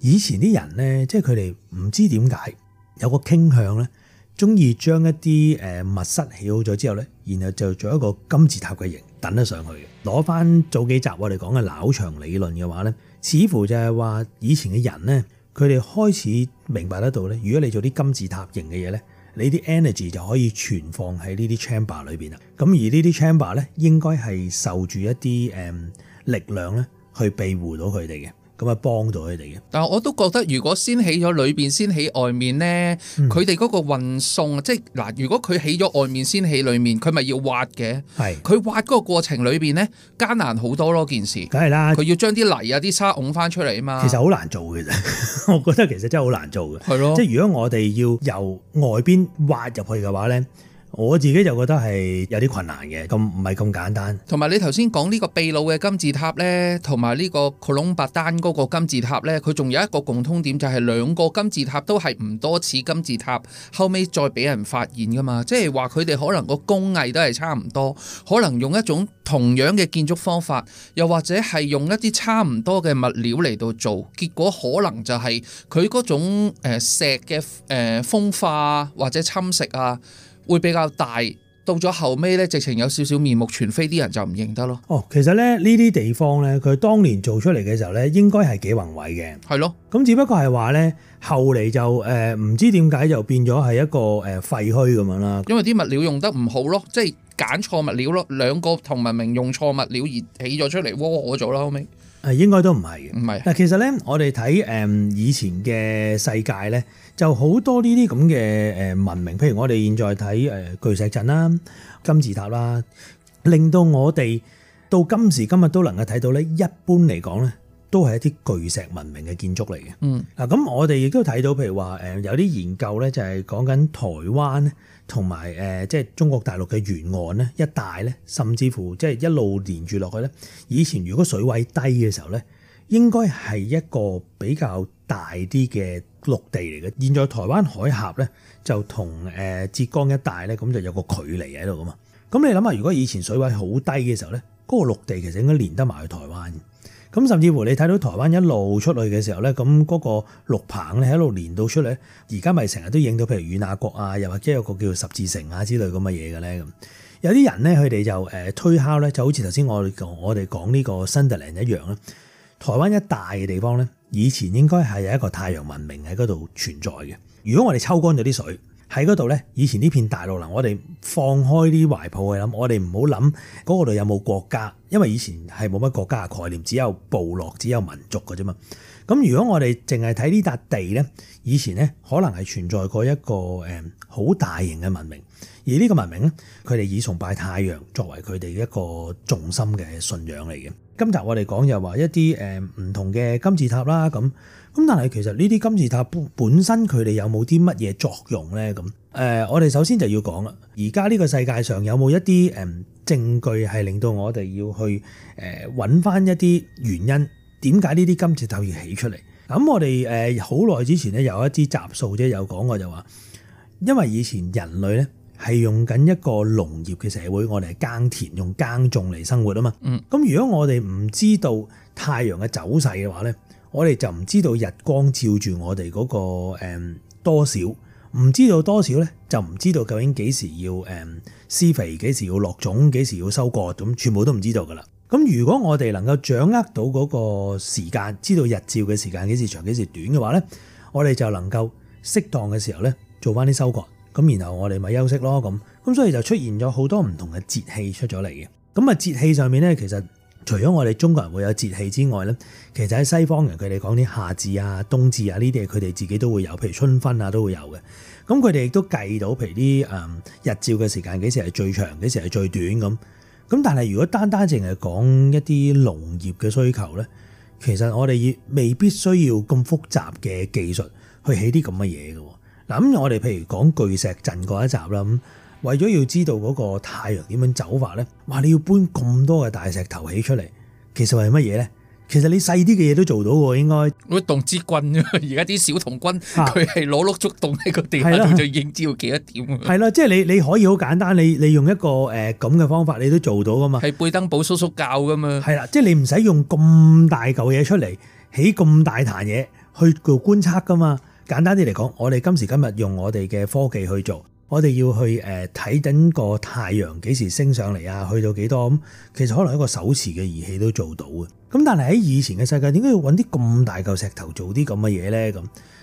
S1: 以前啲人咧即係佢哋唔知點解有個傾向咧，中意將一啲誒密室起好咗之後咧，然後就做一個金字塔嘅形等得上去。攞翻早幾集我哋講嘅腦場理論嘅話咧，似乎就係話以前嘅人咧。佢哋開始明白得到咧，如果你做啲金字塔型嘅嘢咧，你啲 energy 就可以存放喺呢啲 chamber 裏邊啦。咁而呢啲 chamber 咧，應該係受住一啲誒力量咧，去庇護到佢哋嘅。咁啊，幫到佢哋嘅。但係我都覺得，
S2: 如果先起咗裏面，先起外面咧，佢哋嗰個運送，嗯、即係嗱，如果佢起咗外面先起裏面，佢咪要挖嘅。係，佢挖嗰個過程裏面咧，艱難好多咯。件事，梗係啦，佢要將啲泥啊、啲沙拱翻出嚟啊嘛。其實好
S1: 難做嘅，其實我覺得其實真係好難做嘅。係咯，即係如果我哋要由外邊挖入去嘅話咧。我自己就覺得係有啲困難嘅，咁唔係咁簡單。
S2: 同埋你頭先講呢個秘魯嘅金字塔呢，同埋呢個科隆白丹嗰個金字塔呢，佢仲有一個共通點就係兩個金字塔都係唔多似金字塔，後尾再俾人發現噶嘛。即係話佢哋可能個工藝都係差唔多，可能用一種同樣嘅建築方法，又或者係用一啲差唔多嘅物料嚟到做，結果可能就係佢嗰種石嘅誒風化或者侵蝕啊。會比較大，到咗後尾咧，直情有少少面目全非，啲人就唔認得咯。
S1: 哦，其實咧呢啲地方咧，佢當年做出嚟嘅時候咧，應該係幾宏偉嘅。係咯，咁只不過係話咧，後嚟就誒唔知點解就變咗係一個誒廢墟咁樣啦。因為啲物
S2: 料用得唔好咯，即係揀錯物料咯，兩個同文
S1: 明用錯物料而起
S2: 咗出嚟，窩火咗啦後尾。
S1: 誒，應該都唔係嘅，唔係。嗱，其實咧，我哋睇誒以前嘅世界咧，就好多呢啲咁嘅誒文明，譬如我哋現在睇誒巨石陣啦、金字塔啦，令到我哋到今時今日都能夠睇到咧。一般嚟講咧，都係一啲巨石文明嘅建築嚟嘅。嗯，嗱咁我哋亦都睇到，譬如話誒有啲研究咧，就係講緊台灣咧同埋誒即係中國大陸嘅沿岸咧一帶咧，甚至乎即係一路連住落去咧。以前如果水位低嘅時候咧。應該係一個比較大啲嘅陸地嚟嘅。現在台灣海峽咧就同浙江一帶咧咁就有個距離喺度噶嘛。咁你諗下，如果以前水位好低嘅時候咧，嗰個陸地其實應該連得埋去台灣。咁甚至乎你睇到台灣一路出去嘅時候咧，咁嗰個陸棚咧喺度一路連到出嚟。而家咪成日都影到譬如與那國啊，又或者有個叫十字城啊之類咁嘅嘢嘅咧。咁有啲人咧佢哋就推敲咧，就好似頭先我我哋講呢個 Sundaland 一樣。台灣一帶嘅地方咧，以前應該係有一個太陽文明喺嗰度存在嘅。如果我哋抽乾咗啲水喺嗰度咧，以前呢片大陸啦，我哋放開啲懷抱去諗，我哋唔好諗嗰度有冇國家，因為以前係冇乜國家嘅概念，只有部落、只有民族㗎啫嘛。咁如果我哋淨係睇呢笪地咧，以前咧可能係存在過一個誒好大型嘅文明，而呢個文明咧，佢哋以崇拜太陽作為佢哋一個重心嘅信仰嚟嘅。今集我哋講又話一啲誒唔同嘅金字塔啦，咁，咁但係其實呢啲金字塔本身佢哋有冇啲乜嘢作用咧？咁、呃、誒，我哋首先就要講啦，而家呢個世界上有冇一啲誒證據係令到我哋要去誒搵翻一啲原因，點解呢啲金字塔要起出嚟？咁我哋誒好耐之前咧有一支雜數啫，有講過就話，因為以前人類咧。係用緊一個農業嘅社會，我哋係耕田用耕種嚟生活啊嘛。咁、嗯、如果我哋唔知道太陽嘅走勢嘅話咧，我哋就唔知道日光照住我哋嗰、個、嗯、多少，唔知道多少咧，就唔知道究竟幾時要誒施、嗯、肥，幾時要落種，幾時要收割，咁全部都唔知道㗎啦。咁如果我哋能夠掌握到嗰個時間，知道日照嘅時間幾時長幾時短嘅話咧，我哋就能夠適當嘅時候咧做返啲收割。咁然後我哋咪休息咯，咁咁所以就出現咗好多唔同嘅節氣出咗嚟嘅。咁啊節氣上面咧，其實除咗我哋中國人會有節氣之外咧，其實喺西方人佢哋講啲夏至啊、冬至啊呢啲，佢哋自己都會有，譬如春分啊都會有嘅。咁佢哋亦都計到，譬如啲誒日照嘅時間幾時係最長，幾時係最短咁。咁但係如果單單淨係講一啲農業嘅需求咧，其實我哋未必需要咁複雜嘅技術去起啲咁嘅嘢嘅。咁我哋譬如講巨石陣嗰一集啦，咁為咗要知道嗰個太陽點樣走法咧，哇！你要搬咁多嘅大石頭起出嚟，其實係乜嘢咧？其實你細啲嘅嘢都做到喎，應該
S2: 嗰啲童子軍而家啲小童軍佢係攞碌竹動喺個地下就已經知道幾多點。係啦，
S1: 即係你你可以好簡單，你你用一個誒咁嘅方法，你都做到噶嘛？係貝登堡叔叔教噶嘛？係啦，即係你唔使用咁大嚿嘢出嚟，起咁大壇嘢去做觀察噶嘛？簡單啲嚟講，我哋今時今日用我哋嘅科技去做，我哋要去誒睇緊個太陽幾時升上嚟啊，去到幾多咁，其實可能一個手持嘅儀器都做到嘅。咁但係喺以前嘅世界，點解要揾啲咁大嚿石頭做啲咁嘅嘢咧？咁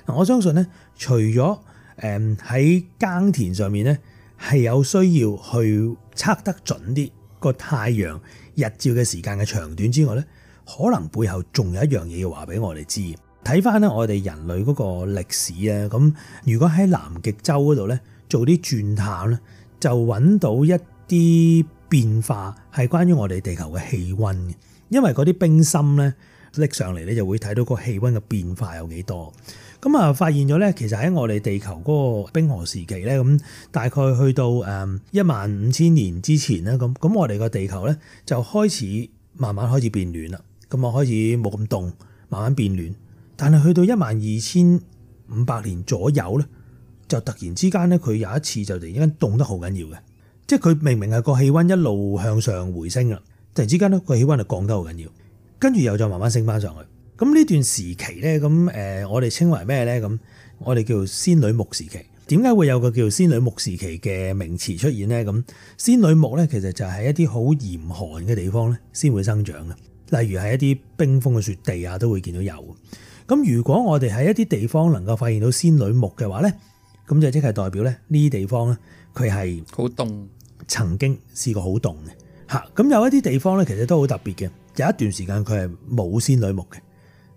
S1: 嗱，我相信咧，除咗誒喺耕田上面咧係有需要去測得準啲個太陽日照嘅時間嘅長短之外咧，可能背後仲有一樣嘢要話俾我哋知。睇翻咧，我哋人類嗰個歷史啊，咁如果喺南極洲嗰度咧做啲鑽探咧，就揾到一啲變化係關於我哋地球嘅氣温嘅，因為嗰啲冰芯咧拎上嚟咧就會睇到個氣温嘅變化有幾多。咁啊，發現咗咧，其實喺我哋地球嗰個冰河時期咧，咁大概去到誒一萬五千年之前咧，咁咁我哋個地球咧就開始慢慢開始變暖啦。咁啊，開始冇咁凍，慢慢變暖。但係去到一萬二千五百年左右咧，就突然之間咧，佢有一次就突然間凍得好緊要嘅，即係佢明明係個氣溫一路向上回升啦，突然之間咧個氣溫就降得好緊要，跟住又再慢慢升返上去。咁呢段時期咧，咁、呃、我哋稱為咩咧？咁我哋叫做仙女木時期。點解會有個叫仙女木時期嘅名詞出現咧？咁仙女木咧，其實就係一啲好嚴寒嘅地方咧先會生長嘅，例如係一啲冰封嘅雪地啊，都會見到有。咁如果我哋喺一啲地方能夠發現到仙女木嘅話咧，咁就即係代表咧，呢啲地方咧佢係好凍，曾經試過好凍嘅嚇。咁有一啲地方咧，其實都好特別嘅，有一段時間佢係冇仙女木嘅，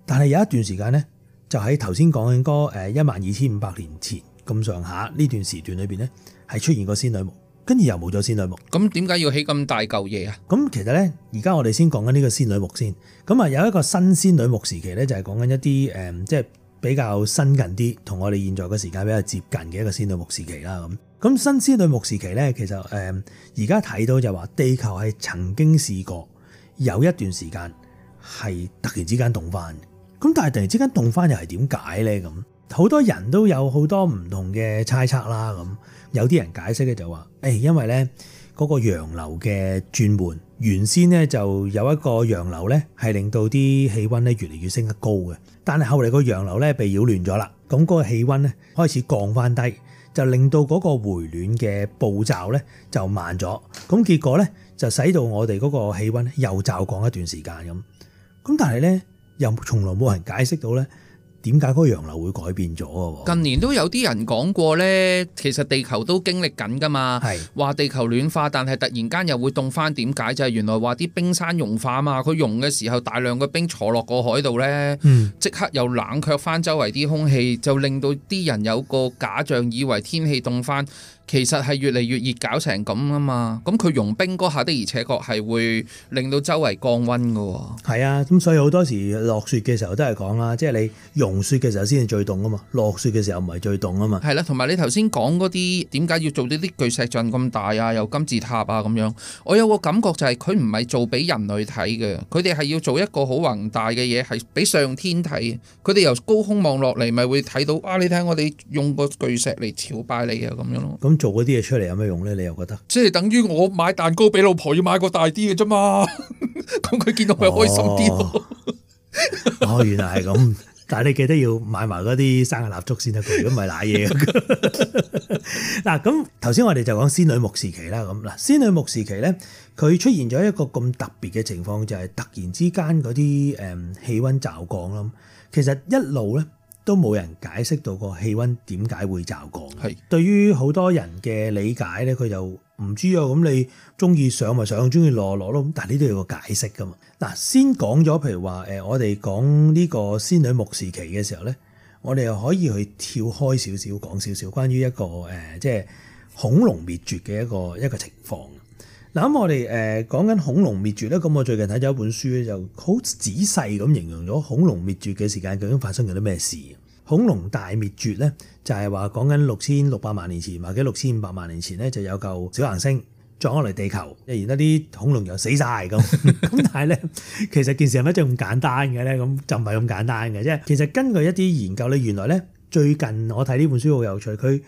S1: 但係有一段時間咧，就喺頭先講緊嗰一萬二千五百年前咁上下呢段時段裏邊咧，係出現過仙女木。跟住又冇咗仙女木，咁點解要起
S2: 咁大嚿嘢啊？
S1: 咁其實咧，而家我哋先講緊呢個仙女木先。咁啊，有一個新仙女木時期咧，就係講緊一啲誒，即係比較新近啲，同我哋現在嘅時間比較接近嘅一個仙女木時期啦。咁咁新仙女木時期咧，其實誒，而家睇到就話地球係曾經試過有一段時間係突然之間凍翻，咁但係突然之間凍翻又係點解咧？咁好多人都有好多唔同嘅猜測啦。咁有啲人解釋咧就話，誒，因為咧嗰個洋流嘅轉換，原先咧就有一個洋流咧係令到啲氣温咧越嚟越升得高嘅，但係後嚟個洋流咧被擾亂咗啦，咁嗰個氣温咧開始降翻低，就令到嗰個回暖嘅步驟咧就慢咗，咁結果咧就使到我哋嗰個氣温又驟降一段時間咁，咁但係咧又從來冇人解釋到咧。點解個洋流會改變咗啊？
S2: 近年都有啲人講過呢，其實地球都經歷緊噶嘛，話地球暖化，但係突然間又會凍翻，點解就係、是、原來話啲冰山融化啊嘛，佢融嘅時候大量嘅冰坐落個海度呢，即、嗯、刻又冷卻翻周圍啲空氣，就令到啲人有個假象，以為天氣凍翻。其實係越嚟越熱搞成咁啊嘛！咁佢融冰嗰下的，而且確係會令到周圍降溫
S1: 嘅。係啊，咁所以好多時落雪嘅時候都係講啦，即係你融雪嘅時候先係最凍啊嘛，落雪嘅時候唔係最凍啊嘛。
S2: 係啦，同埋你頭先講嗰啲點解要做呢啲巨石像咁大啊，又金字塔啊咁樣，我有個感覺就係佢唔係做俾人類睇嘅，佢哋係要做一個好宏大嘅嘢，係俾上天睇。佢哋由高空望落嚟咪會睇到，啊。你睇我哋用個巨石嚟朝拜你啊咁樣咯。
S1: 做嗰啲嘢出嚟有咩用咧？你又覺得？
S2: 即係等於我買蛋糕俾老婆，要買個大啲嘅啫嘛。咁 [laughs] 佢見到咪開心啲
S1: 咯、哦？哦，原來係咁。 [laughs] 但係你記得要買埋嗰啲生日蠟燭不那的 [laughs] [laughs] 先得，如果唔係瀨嘢。嗱，咁頭先我哋就講仙女木時期啦。咁嗱，仙女木時期咧，佢出現咗一個咁特別嘅情況，就係、是、突然之間嗰啲誒氣溫驟降咯。其實一路咧。都冇人解釋到個氣溫點解會驟降。係對於好多人嘅理解咧，佢就唔知啊。咁你中意上咪上，中意落落咯。但係呢度有個解釋噶嘛。嗱，先講咗，譬如話誒，我哋講呢個仙女木時期嘅時候咧，我哋又可以去跳開少少講少少關於一個誒，即係恐龍滅絕嘅一個一個情況。嗱，咁我哋誒講緊恐龍滅絕咧，咁我最近睇咗一本書咧，就好仔細咁形容咗恐龍滅絕嘅時間究竟發生咗啲咩事。恐龍大滅絕咧，就係話講緊六千六百萬年前，或者六千五百萬年前咧，就有嚿小行星撞落嚟地球，然後啲恐龍又死晒。咁。咁但係咧，其實件事係咪就咁簡單嘅咧？咁就唔係咁簡單嘅啫。其實根據一啲研究咧，原來咧，最近我睇呢本書好有趣，佢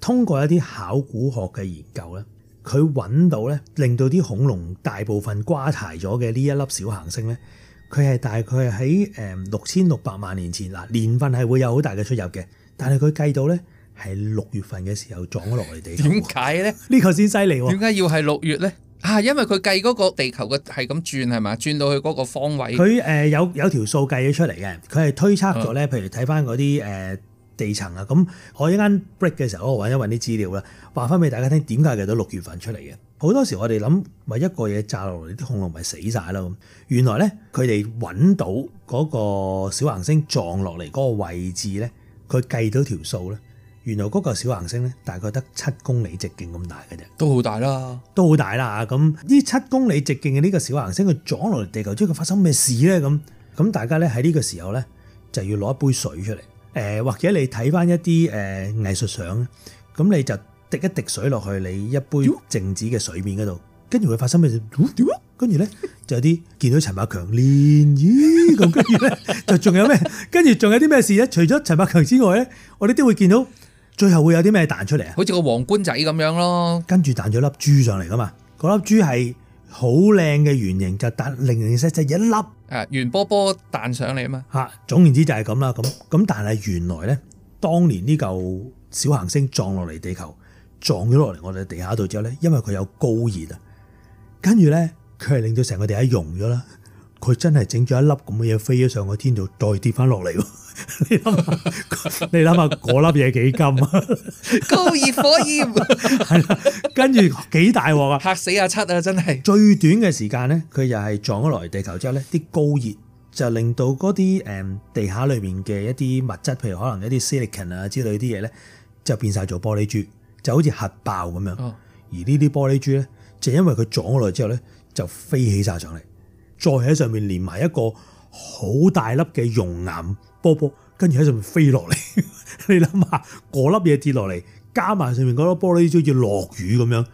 S1: 通過一啲考古學嘅研究咧，佢揾到咧令到啲恐龍大部分瓜柴咗嘅呢一粒小行星咧。佢係大概喺誒六千六百萬年前嗱，年份係會有好大嘅出入嘅，但係佢計到咧係六月份嘅時候撞咗落嚟地。點解咧？這個、才是呢
S2: 個先犀利喎！點解要係六月咧？啊，因為佢計嗰個地球嘅係咁轉係嘛，轉到去嗰個方位。佢
S1: 誒有有條數計咗出嚟嘅，佢係推測咗咧。譬如睇翻嗰啲誒地層啊，咁、嗯、我一間 break 嘅時候，我揾一揾啲資料啦，話翻俾大家聽點解計到六月份出嚟嘅。好多時我哋諗，咪一個嘢炸落嚟，啲恐龍咪死晒咯。原來咧，佢哋揾到嗰個小行星撞落嚟嗰個位置咧，佢計到條數咧，原來嗰個小行星咧大概得七公里直徑咁大嘅啫。都好大啦，都好大啦吓。咁呢七公里直徑嘅呢個小行星佢撞落嚟地球，將佢發生咩事咧？咁咁大家咧喺呢個時候咧就要攞一杯水出嚟，呃，或者你睇翻一啲、呃、藝術相，咁你就。滴一滴水落去你一杯靜止嘅水面嗰度，跟住會發生咩事？點呀？跟住咧就有啲見到陳百強漣漪，咁跟住咧就仲有咩？跟住仲有啲咩事咧？除咗陳百強之外咧，我哋都會見到最後會有啲咩彈出嚟啊？好似個皇冠仔咁樣咯。跟住彈咗粒珠上嚟噶嘛？嗰粒珠係好靚嘅圓形，就彈零零細細一粒誒圓波波彈上嚟啊嘛。嚇！總言之就係咁啦。咁咁但係原來咧，當年呢嚿小行星撞落嚟地球。撞咗落嚟我哋地下度之後咧，因為佢有高熱啊，跟住咧佢係令到成個地下溶咗啦。佢真係整咗一粒咁嘅嘢飛咗上個天度，再跌翻落嚟。你諗下， [laughs] 你諗下嗰粒嘢幾金啊？高熱火焰，係 [laughs] 啦，跟住幾大鑊啊！吓死阿七啊！真係最短嘅時間咧，佢又係撞咗落嚟地球之後咧，啲高熱就令到嗰啲誒地下裏面嘅一啲物質，譬如可能一啲 silicon 啊之類啲嘢咧，就變晒做玻璃珠。就好似核爆咁樣，而呢啲玻璃珠咧，就係、因為佢撞咗落嚟之後咧，就飛起晒上嚟，再喺上面連埋一個好大粒嘅熔岩波波，跟住喺上面飛落嚟。你諗下，嗰粒嘢跌落嚟，加埋上，上面嗰粒玻璃珠，要落雨咁樣。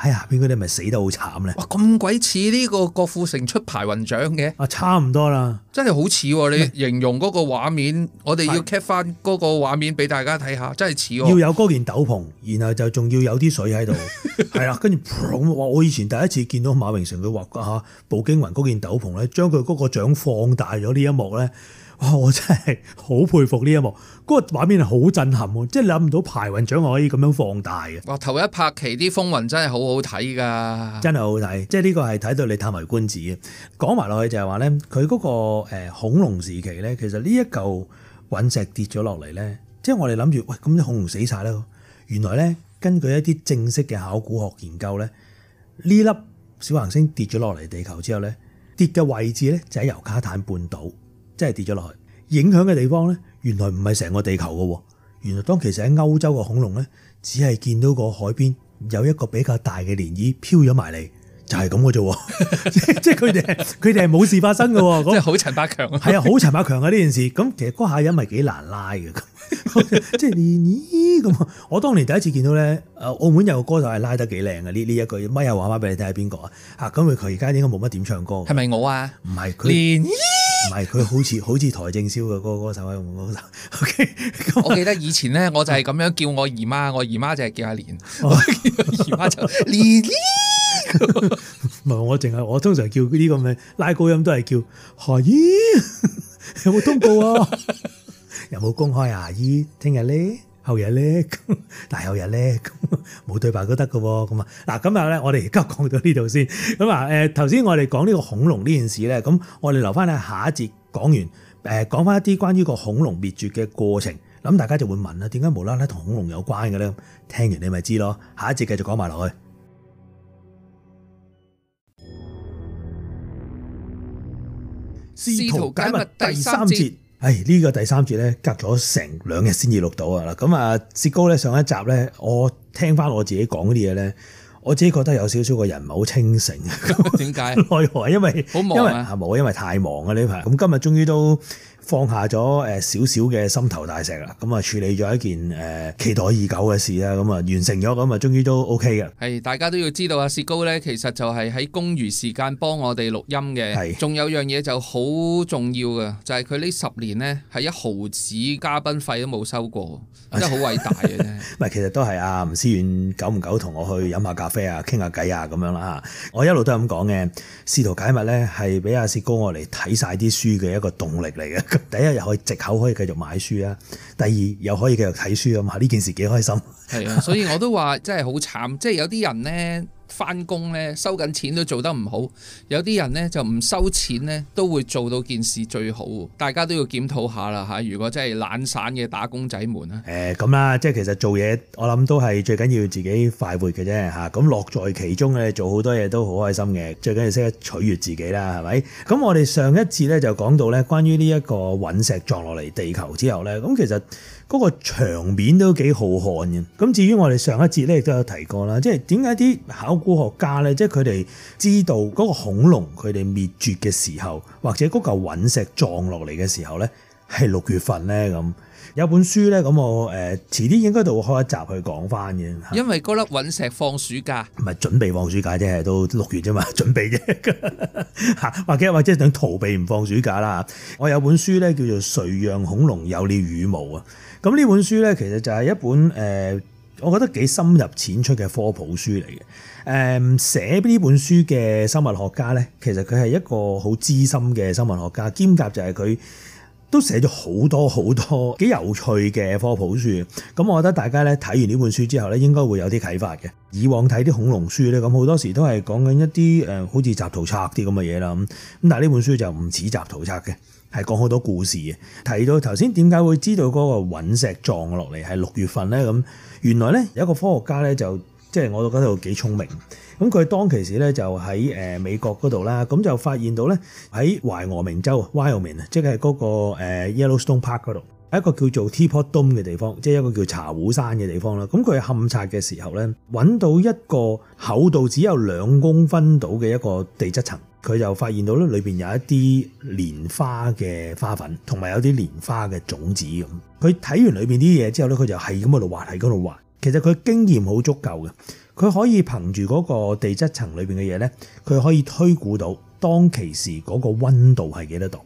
S1: 哎呀，邊嗰啲咪死得好慘咧！哇，咁鬼似呢個郭富城出排雲掌嘅啊，差唔多
S2: 啦，真係好似你形容嗰個畫面，是我哋要 cap 翻嗰個畫面俾大家睇下，真係似、哦、要有
S1: 嗰件斗篷，然後就仲要有啲水喺度，係啦， [laughs] 跟住哇！我以前第一次見到馬榮成佢畫吓步驚雲嗰件斗篷咧，將佢嗰個掌放大咗呢一幕咧。哇！我真係好佩服呢一幕，嗰個畫面係好震撼喎，即係諗唔到排暈掌可以咁樣放大嘅。哇！頭一拍期啲風雲真係好好睇㗎，真係好睇，即係呢個係睇到你歎為觀止嘅。講埋落去就係話咧，佢嗰個誒恐龍時期咧，其實呢一嚿隕石跌咗落嚟咧，即係我哋諗住喂咁啲恐龍死曬咯。原來咧，根據一啲正式嘅考古學研究咧，呢粒小行星跌咗落嚟地球之後咧，跌嘅位置咧就喺尤卡坦半島。真係跌咗落去，影響嘅地方咧，原來唔係成個地球㗎喎。原來當其實喺歐洲嘅恐龍咧，只係見到個海邊有一個比較大嘅漣漪漂咗埋嚟，就係咁嘅啫。即係佢哋，佢哋係冇事發生嘅。 [laughs] 即係好陳百強。係啊，好 [laughs] 陳百強啊呢件事。咁其實個下人係幾難拉嘅。即係漣漪咁。我當年第一次見到咧，澳門有個歌手係拉得幾靚嘅。呢呢一句，咪又話話俾你聽？邊個啊？嚇！咁佢佢而家應該冇乜點唱歌。係咪我啊？唔係佢。唔係佢好似好似台正超嘅嗰個歌手,個歌手
S2: okay, 我記得以前咧，我就係咁樣叫我姨媽，我姨媽就係叫阿蓮，哦、我我姨媽
S1: 就蓮姨。唔係我淨係我通常叫呢個名拉高音都係叫阿姨、啊。有冇通告啊？有冇公開啊？阿姨，聽日咧。後日咧，但 [laughs] 後日咧冇對白都得㗎喎。咁啊，嗱，今日咧，我哋而家講到呢度先。咁啊，誒，頭先我哋講呢個恐龍呢件事咧，咁我哋留翻喺下一節講完。誒，講翻一啲關於個恐龍滅絕嘅過程。咁大家就會問啦，點解無啦啦同恐龍有關嘅咧？聽完你咪知咯。下一節繼續講埋落去。試圖解密第三節。哎，呢、這個第三節咧，隔咗成兩日先至錄到啊！咁啊，薛高咧上一集咧，我聽翻我自己講嗰啲嘢咧，我自己覺得有少少個人唔係好清醒。點解？內 [laughs] 外因為好忙啊，冇，因為太忙啊呢排。咁今日終於都。放下咗誒少少嘅心頭大石啦，咁啊處理咗一件誒、呃、期待已久嘅事啦，咁啊完成咗，咁啊終於都 OK 嘅。係
S2: 大家都要知道阿薛高咧，其實就係喺公餘時間幫我哋錄音嘅。係，仲有樣嘢就好重要嘅，就係佢呢十年呢，係一毫子嘉賓費都冇收過， [laughs] 真係好偉大嘅啫。
S1: 唔 [laughs] 其實都係阿吳思遠久唔久同我去飲下咖啡啊，傾下偈啊咁樣啦、啊、嚇。我一路都係咁講嘅，試圖解密咧係俾阿薛高我嚟睇晒啲書嘅一個動力嚟嘅。第一又可以藉口可以繼續買書啊；第二又可以繼續睇書啊嘛，呢件事幾開心。係
S2: 啊，所以我都話真係好慘， [laughs] 即係有啲人咧。翻工呢，收緊錢都做得唔好，有啲人呢，就唔收錢呢，都會做到件事最好。大家都要檢討下啦嚇，如果真係懶散嘅打工仔們啊！
S1: 誒咁啦，即係其實做嘢我諗都係最緊要自己快活嘅啫嚇，咁樂在其中呢做好多嘢都好開心嘅，最緊要識得取悅自己啦，係咪？咁我哋上一次呢，就講到呢關於呢一個隕石撞落嚟地球之後呢，咁其實。嗰、那個場面都幾浩瀚嘅。咁至於我哋上一節咧，亦都有提過啦。即係點解啲考古學家咧，即係佢哋知道嗰個恐龍佢哋滅絕嘅時候，或者嗰嚿隕石撞落嚟嘅時候咧，係六月份咧咁。有本書咧，咁我誒、呃、遲啲應該度開開一集去講翻嘅。因為嗰粒隕石放暑假，唔係準備放暑假啫，都六月啫嘛，準備啫。嚇， [laughs] 或者或者等逃避唔放暑假啦。我有本書咧，叫做誰讓恐龍有了羽毛啊。咁呢本書呢，其實就係一本誒，我覺得幾深入淺出嘅科普書嚟嘅。誒，寫呢本書嘅生物學家呢，其實佢係一個好資深嘅生物學家，兼夾就係佢都寫咗好多好多幾有趣嘅科普書。咁我覺得大家呢睇完呢本書之後呢，應該會有啲啟發嘅。以往睇啲恐龍書呢，咁好多時都係講緊一啲誒，好似雜圖冊啲咁嘅嘢啦。咁咁，但係呢本書就唔似雜圖冊嘅。係講好多故事嘅，提到頭先點解會知道嗰個隕石撞落嚟係六月份咧？咁原來咧，有一個科學家咧，就即係我覺得佢幾聰明，咁佢當其時咧就喺誒美國嗰度啦，咁就發現到咧喺懷俄明州 （Wyoming） 即係嗰個誒 Yellowstone Park 嗰度，一個叫做 Teapot Dome 嘅地方，即係一個叫茶壺山嘅地方啦。咁佢勘察嘅時候咧，揾到一個厚度只有兩公分到嘅一個地質層。佢就發現到咧，裏邊有一啲蓮花嘅花粉，同埋有啲蓮花嘅種子咁。佢睇完裏面啲嘢之後咧，佢就係咁喺度挖，喺嗰度挖。其實佢經驗好足夠嘅，佢可以憑住嗰個地質層裏面嘅嘢咧，佢可以推估到當其時嗰個温度係幾多度。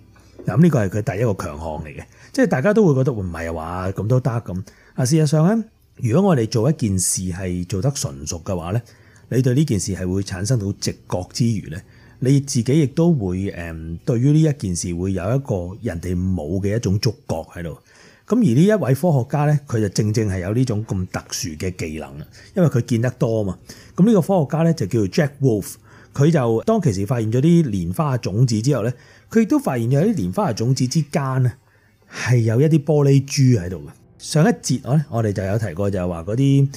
S1: 嗱，咁呢個係佢第一個強項嚟嘅，即係大家都會覺得唔係話咁都得咁。啊，事實上咧，如果我哋做一件事係做得純熟嘅話咧，你對呢件事係會產生到直覺之餘咧。你自己亦都會誒，對於呢一件事會有一個人哋冇嘅一種觸覺喺度。咁而呢一位科學家咧，佢就正正係有呢種咁特殊嘅技能啦，因為佢見得多啊嘛。咁、這、呢個科學家咧就叫做 Jack Wolf，佢就當其時發現咗啲蓮花種子之後咧，佢亦都發現咗啲蓮花嘅種子之間啊係有一啲玻璃珠喺度嘅。上一節我咧我哋就有提過，就係話嗰啲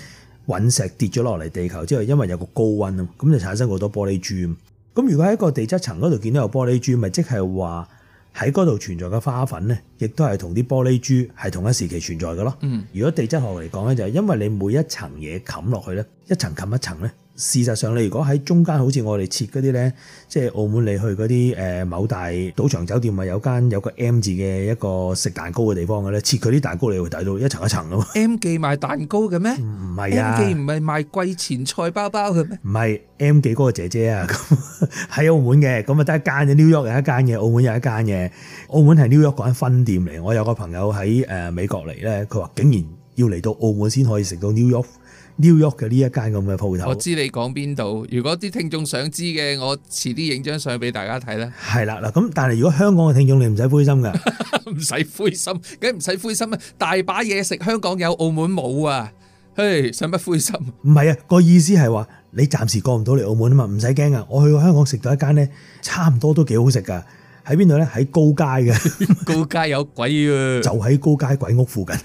S1: 隕石跌咗落嚟地球之後，因為有個高温啊，咁就產生好多玻璃珠。咁如果喺個地質層嗰度見到有玻璃珠，咪即係話喺嗰度存在嘅花粉咧，亦都係同啲玻璃珠係同一時期存在嘅咯。如果地質學嚟講咧，就係因為你每一層嘢冚落去咧，一層冚一層咧。事實上，你如果喺中間，好似我哋設嗰啲咧，即係澳門你去嗰啲誒某大賭場酒店，咪有間有個 M 字嘅一個食蛋糕嘅地方嘅咧，設佢啲蛋糕你會睇到一層一層咯。M 記賣蛋糕嘅咩？唔係啊，M 記唔係賣貴前菜包包嘅咩？唔係，M 記嗰個姐姐啊，咁喺澳門嘅，咁啊得一間嘅，New York，有一間嘅，澳門有一間嘅，澳門係 New York 嗰間分店嚟。我有個朋友喺誒美國嚟咧，佢話竟然。要嚟到澳門先可以食到 New York New York 嘅呢一間咁嘅鋪頭。我
S2: 知你講邊度？如果啲聽眾想知嘅，我遲啲影張相俾大家睇啦。
S1: 係啦，嗱咁，但係如果香港嘅聽眾，你唔使灰心㗎，唔
S2: 使灰心，梗唔使灰心啊！大把嘢食，香港有，澳門冇啊！嘿，使乜灰心？
S1: 唔係啊，個意思係話你暫時過唔到嚟澳門啊嘛，唔使驚啊！我去過香港食到一間咧，差唔多都幾好食㗎。喺邊度咧？喺高街嘅。 [laughs] 高街有鬼啊！就喺高街鬼屋附近。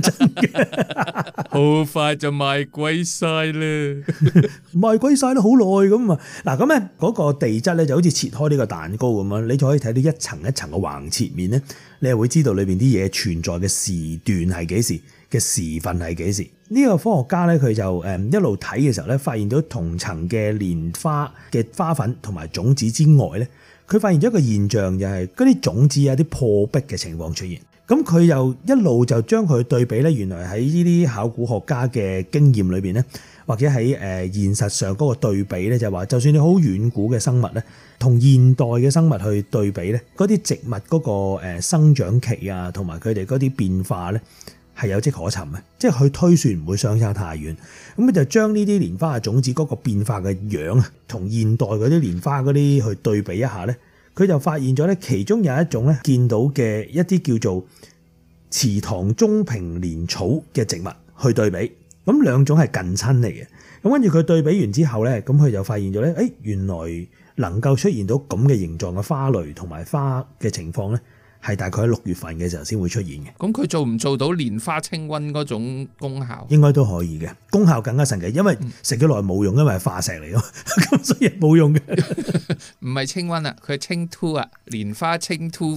S1: 真嘅。好快就賣鬼晒啦！賣鬼晒都好耐咁啊！嗱，咁咧嗰個地質咧就好似切開呢個蛋糕咁樣，你就可以睇到一層一層嘅橫切面咧，你又會知道裏邊啲嘢，存在嘅時段係幾時嘅時分係幾時。呢個科學家咧，佢就誒一路睇嘅時候咧，發現到同層嘅蓮花嘅花粉同埋種子之外咧。佢發現咗一個現象，就係嗰啲種子有啲破壁嘅情況出現。咁佢又一路就將佢對比咧，原來喺呢啲考古學家嘅經驗裏面咧，或者喺誒現實上嗰個對比咧，就係話，就算你好遠古嘅生物咧，同現代嘅生物去對比咧，嗰啲植物嗰個生長期啊，同埋佢哋嗰啲變化咧，係有迹可尋，即係佢推算唔會相差太遠。咁佢就將呢啲蓮花嘅種子嗰個變化嘅樣啊，同現代嗰啲蓮花嗰啲去對比一下咧，佢就發現咗咧，其中有一種咧，見到嘅一啲叫做池塘中平蓮草嘅植物去對比，咁兩種係近親嚟嘅。咁跟住佢對比完之後咧，咁佢就發現咗咧，誒原來能夠出現到咁嘅形狀嘅花蕾同埋花嘅情況咧。係大概喺六月份嘅時候先會出現嘅。
S2: 咁佢做唔做到蓮花清瘟嗰種功效？
S1: 應該都可以嘅，功效更加神奇。因為食幾耐冇用，因為係化石嚟咯，咁 [laughs] 所以冇沒用嘅。唔係
S2: 清瘟，清2，清 [laughs] [laughs] Okay 的  [laughs] 瘟啊，佢清 two 啊，蓮花清 two。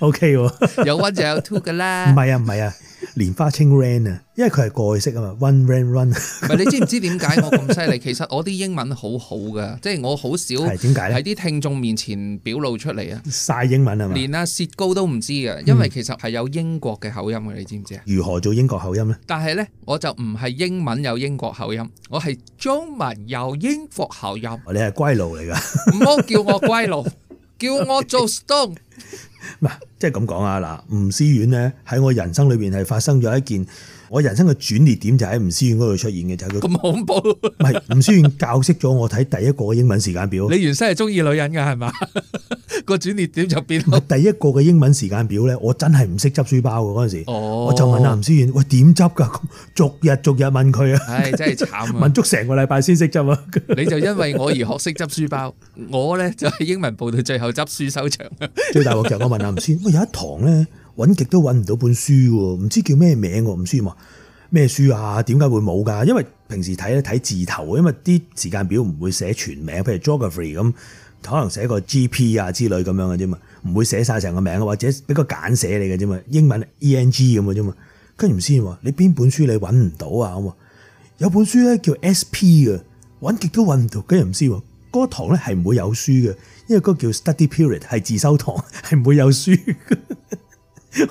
S1: O K 喎，有溫就有 two 噶啦。唔係啊，唔係啊。蓮花清 Ran 啊，因為佢係過去式啊嘛 Run Ran Run。唔係，你知唔知點解我咁犀利？ [laughs]
S2: 其實我啲英文好好噶，即係我好少點解喺啲聽眾面前表露出嚟啊！
S1: 晒英文
S2: 係嘛？連阿薛高都唔知噶，因為其實係有英國嘅口音噶、嗯，你知唔知啊？
S1: 如何做英國口音咧？
S2: 但係咧，我就唔係英文有英國口音，我係中文有英國口音。
S1: 你係歸奴嚟噶，
S2: 唔 [laughs] 好叫我歸奴，叫我做 stone。
S1: 唔係，即係咁講啊！嗱，吳思遠咧喺我人生裏邊係發生咗一件，我人生嘅轉捩點就喺吳思遠嗰度出現嘅，就係佢咁恐怖。唔係，吳思遠教識咗我睇第一個英文時間表。
S2: 你原先係中意女人噶係嘛？ [laughs] 個轉捩點就變
S1: 我第一個嘅英文時間表咧，我真係唔識執書包嘅嗰陣時、哦，我就問阿吳思遠，喂，點執噶？逐日逐日問佢、 [laughs] 哎、啊，唉， [laughs] 真係慘，問足成個禮拜先識執啊！你就因為我而學
S2: 識執書包，我咧就係、是、英文部到最後執書收場。 [laughs] 最大鑊
S1: 強我。係先？喂，有一堂咧，揾極都揾唔到本書，唔知叫咩名。我唔知話咩書啊？點解會冇噶？因為平時睇咧睇字頭，因為啲時間表唔會寫全名，譬如 Geography 咁，可能寫個 GP 啊之類咁樣嘅啫嘛，唔會寫晒成個名，或者畀個簡寫你嘅啫嘛。英文 ENG 咁嘅啫嘛。跟住唔知話你邊本書你揾唔到啊？咁有本書咧叫 SP 嘅，揾極都揾唔到。跟住唔知嗰堂咧係唔會有書嘅。呢個歌叫 study period，係自修堂，係唔會有書。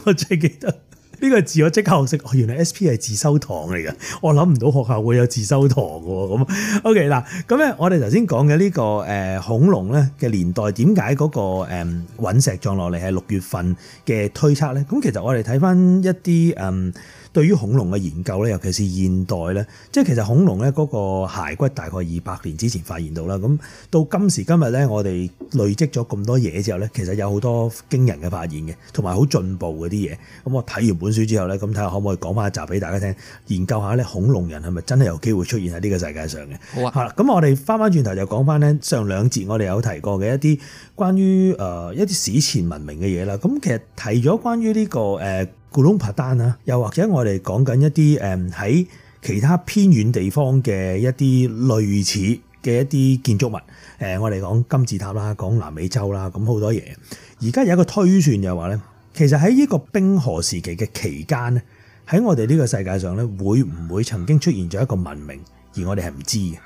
S1: 我最記得呢個字，我即刻學識。哦，原來 S P 係自修堂嚟嘅，我諗唔到學校會有自修堂嘅。咁 O K 嗱，咁咧我哋頭先講嘅呢個誒恐龍咧嘅年代，點解嗰個誒隕石撞落嚟係六月份嘅推測咧？咁其實我哋睇翻一啲誒。對於恐龍嘅研究咧，尤其是現代咧，即係其實恐龍咧嗰個骸骨大概二百年之前發現到啦。咁到今時今日咧，我哋累積咗咁多嘢之後咧，其實有好多驚人嘅發現嘅，同埋好進步嗰啲嘢。咁我睇完本書之後咧，咁睇下可唔可以講翻一集俾大家聽，研究下咧恐龍人係咪真係有機會出現喺呢個世界上嘅？好啊，嚇！咁我哋翻翻轉頭就講翻咧上兩節我哋有提過嘅一啲關於誒、呃、一啲史前文明嘅嘢啦。咁其實提咗關於呢、呢個、呃古龍帕丹啊，又或者我哋講緊一啲誒，喺其他偏遠地方嘅一啲類似嘅一啲建築物誒，我哋講金字塔啦，講南美洲啦，咁好多嘢。而家有一個推算就係話咧，其實喺呢個冰河時期嘅期間咧，喺我哋呢個世界上咧，會唔會曾經出現咗一個文明？而我哋係唔知嘅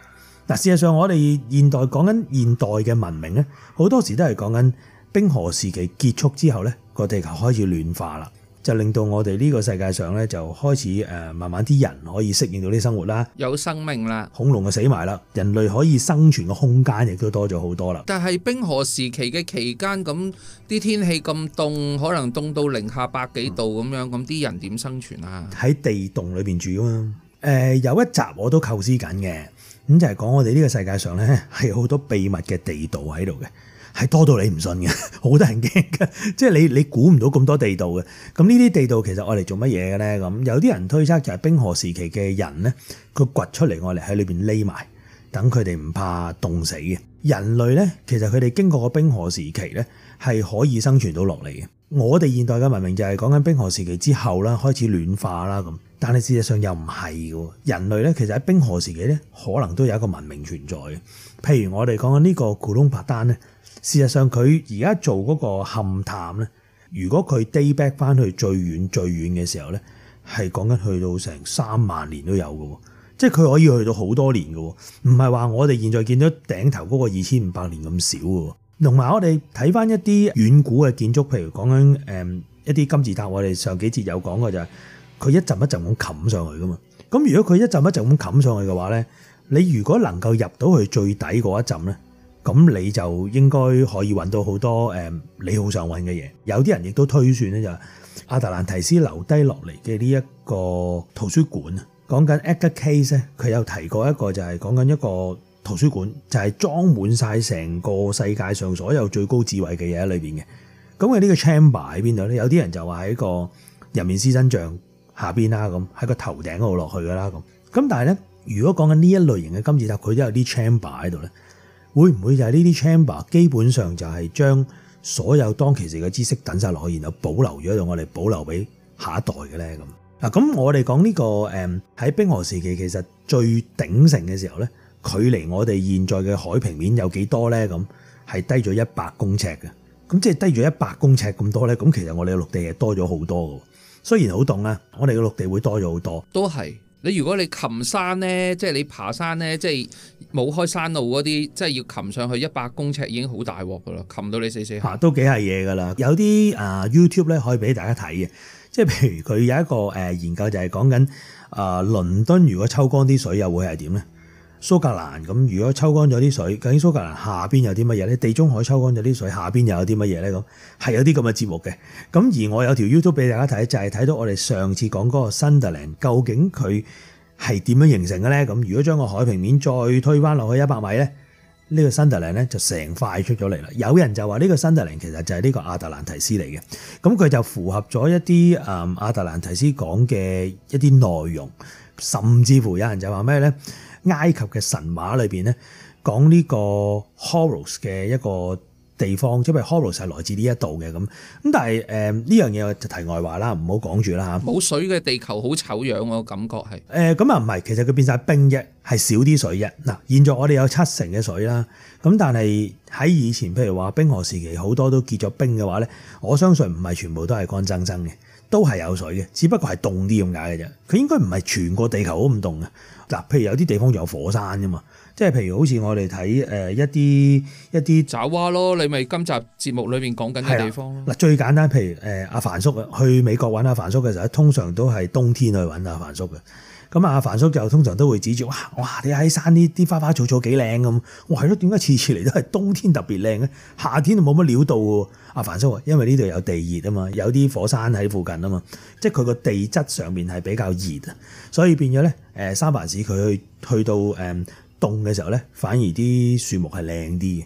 S1: 嗱。事實上，我哋現代講緊現代嘅文明咧，好多時都係講緊冰河時期結束之後咧，個地球開始暖化啦。就令到我哋呢個世界上咧，就開始誒，慢慢啲人可以適應到啲生活啦。
S2: 有生命
S1: 啦，恐龍就死埋啦，人類可以生存嘅空間亦都多咗好多啦。
S2: 但係冰河時期嘅期間，咁啲天氣咁凍，可能凍到零下百幾度咁，嗯，樣，咁啲人點生存啊？
S1: 喺地洞裏邊住啊嘛！誒、呃，有一集我都構思緊嘅，咁就係、是、講我哋呢個世界上咧，係好多秘密嘅地道喺度嘅。係多到你唔信嘅，好多人驚嘅。即係你你估唔到咁多地道嘅。咁呢啲地道其實愛嚟做乜嘢嘅咧？咁有啲人推測就係冰河時期嘅人咧，佢掘出嚟愛嚟喺裏面匿埋，等佢哋唔怕凍死嘅。人類咧，其實佢哋經過個冰河時期咧，係可以生存到落嚟嘅。我哋現代嘅文明就係講緊冰河時期之後啦，開始暖化啦咁。但係事實上又唔係嘅。人類咧，其實喺冰河時期咧，可能都有一個文明存在嘅。譬如我哋講緊呢個古東白丹咧。事實上，佢而家做嗰個勘探咧，如果佢 day back 翻去最遠最遠嘅時候咧，係講緊去到成三萬年都有嘅，即係佢可以去到好多年嘅，唔係話我哋現在見到頂頭嗰個二千五百年咁少喎。同埋我哋睇翻一啲遠古嘅建築，譬如講緊誒一啲金字塔，我哋上幾節有講過就係佢一浸一浸咁冚上去㗎嘛。咁如果佢一浸一浸咁冚上去嘅話咧，你如果能夠入到去最底嗰一浸咧？咁你就應該可以揾到好多誒，你好想揾嘅嘢。有啲人亦都推算咧，就係阿特蘭提斯留低落嚟嘅呢一個圖書館，講緊《Edgar Cayce》咧，佢有提過一個就係講緊一個圖書館，就係裝滿晒成個世界上所有最高智慧嘅嘢喺裏邊嘅。咁嘅呢個 chamber 喺邊度咧？有啲人就話喺個人面獅身像下邊啦，咁喺個頭頂嗰度落去噶啦，咁。咁但係咧，如果講緊呢一類型嘅金字塔，佢都有啲 chamber 喺度咧。會唔會就係呢啲 chamber 基本上就係將所有當其時嘅知識等晒落去，然後保留咗，讓我哋保留俾下一代嘅咧咁。嗱、這個，咁我哋講呢個誒喺冰河時期，其實最鼎盛嘅時候咧，距離我哋現在嘅海平面有幾多咧？咁係低咗一百公尺嘅。咁即係低咗一百公尺咁多咧。咁其實我哋嘅陸地係多咗好多嘅。雖然好凍啦，我哋嘅陸地會多咗好多。都係。
S2: 你如果你擒山咧，即係你爬山咧，即係冇開山路嗰啲，即係要擒上去一百公尺，已經好大鑊噶啦，擒到你死死下。
S1: 都幾係嘢噶啦，有啲啊 YouTube 咧可以俾大家睇嘅，即係譬如佢有一個誒研究就係講緊啊倫敦如果抽乾啲水又會係點咧？蘇格蘭咁，如果抽乾咗啲水，究竟蘇格蘭下邊有啲乜嘢咧？地中海抽乾咗啲水，下邊又有啲乜嘢咧？咁係有啲咁嘅節目嘅。咁而我有條 YouTube 俾大家睇，就係、是、睇到我哋上次講嗰個 Sundaland，究竟佢係點樣形成嘅咧？咁如果將個海平面再推返落去一百米咧，呢、這個 Sundaland 咧就成塊出咗嚟啦。有人就話呢個 Sundaland 其實就係呢個亞特蘭提斯嚟嘅，咁佢就符合咗一啲、嗯、亞特蘭提斯講嘅一啲內容，甚至乎有人就話咩咧？埃及嘅神話裏面咧，講呢個 Horus 嘅一個地方，即係 Horus 係來自呢一度嘅咁咁，但係誒呢樣嘢就題外話啦，唔好講住啦嚇。冇
S2: 水嘅地球好醜樣喎，感覺係
S1: 誒咁啊唔係，其實佢變晒冰啫，係少啲水啫。嗱，現在我哋有七成嘅水啦，咁但係喺以前，譬如話冰河時期，好多都結咗冰嘅話咧，我相信唔係全部都係乾爭爭嘅，都係有水嘅，只不過係凍啲咁解嘅啫。佢應該唔係全個地球都唔凍嘅。嗱，譬如有啲地方有火山啫嘛，即係譬如好似我哋睇誒一啲一啲爪哇咯，你
S2: 咪今集節目裏面講緊嘅地方咯。
S1: 嗱，最簡單，譬如誒阿凡叔去美國揾阿凡叔嘅時候，通常都係冬天去揾阿凡叔嘅。咁啊，凡叔就通常都會指住，哇哇！你喺山呢啲花花草草幾靚咁，哇係咯，點解次次嚟都係冬天特別靚咧？夏天都冇乜料到喎、啊，阿凡叔，因為呢度有地熱啊嘛，有啲火山喺附近啊嘛，即係佢個地質上面係比較熱，所以變咗咧，誒三藩市佢去去到誒凍嘅時候咧，反而啲樹木係靚啲嘅。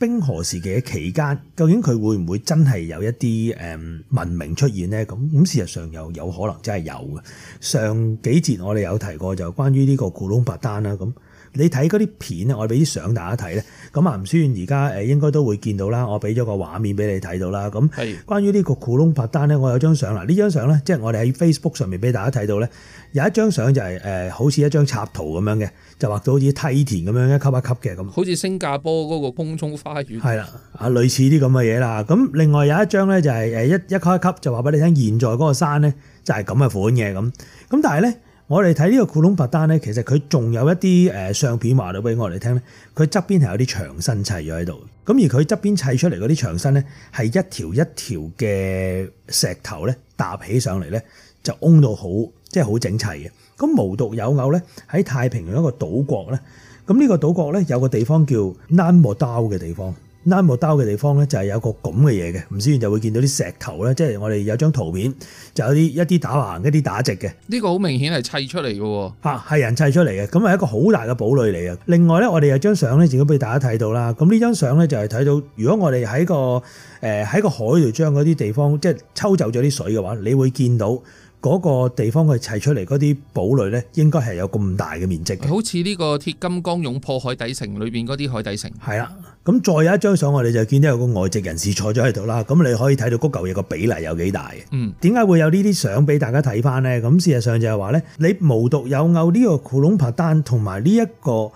S1: 冰河時期嘅期間，究竟佢會唔會真係有一啲誒文明出現咧？咁咁事實上又有可能真係有嘅。上幾節我哋有提過就關於呢個古隆巴丹啦。咁你睇嗰啲片咧，我哋俾啲相大家睇咧。咁啊，吳書而家誒應該都會見到啦，我俾咗個畫面俾你睇到啦。咁，關於呢個古窿拍單咧，我有張相啦。呢張相咧，即係我哋喺 Facebook 上面俾大家睇到咧，有一張相就係呃好似一張插圖咁樣嘅，就畫到好似梯田咁樣一級一級嘅咁。好
S2: 似新加坡嗰個空中花園。係啦，
S1: 啊類似啲咁嘅嘢啦。咁另外有一張咧就係一一級一級，就話俾你聽，現在嗰個山咧就係咁嘅款嘅咁。咁但係咧。我哋睇呢個 Gunung Padang 咧，其實佢仲有一啲誒相片話到俾我哋聽咧，佢側邊係有啲牆身砌咗喺度，咁而佢側邊砌出嚟嗰啲牆身咧，係一條一條嘅石頭咧搭起上嚟咧，就凹到好即係好整齊嘅。咁無獨有偶咧，喺太平洋一個島國咧，咁、這、呢個島國咧有個地方叫 Nan Madol 嘅地方。南摩刀嘅地方咧，就係有個咁嘅嘢嘅，唔知人就會見到啲石頭咧，即係我哋有張圖片，就有啲一啲打橫、一啲打直嘅。呢、
S2: 這個好明顯係砌出嚟嘅
S1: 喎，嚇、啊、係人砌出嚟嘅，咁係一個好大嘅堡壘嚟嘅。另外咧，我哋有張相咧，自己俾大家睇到啦。咁呢張相咧就係睇到，如果我哋喺個喺、呃、個海度將嗰啲地方即係、就是、抽走咗啲水嘅話，你會見到。嗰個地方佢砌出嚟嗰啲堡壘咧，應該係有咁大嘅面積。好似呢
S2: 個《鐵金剛勇破海底城》裏面嗰啲海底城。
S1: 係啦，咁再有一張相，我哋就見到有個外籍人士坐咗喺度啦。咁你可以睇到嗰嚿嘢個比例有幾大嘅。嗯，點解會有呢啲相俾大家睇翻咧？咁事實上就係話咧，你無獨有偶，呢個庫隆帕丹同埋呢一個誒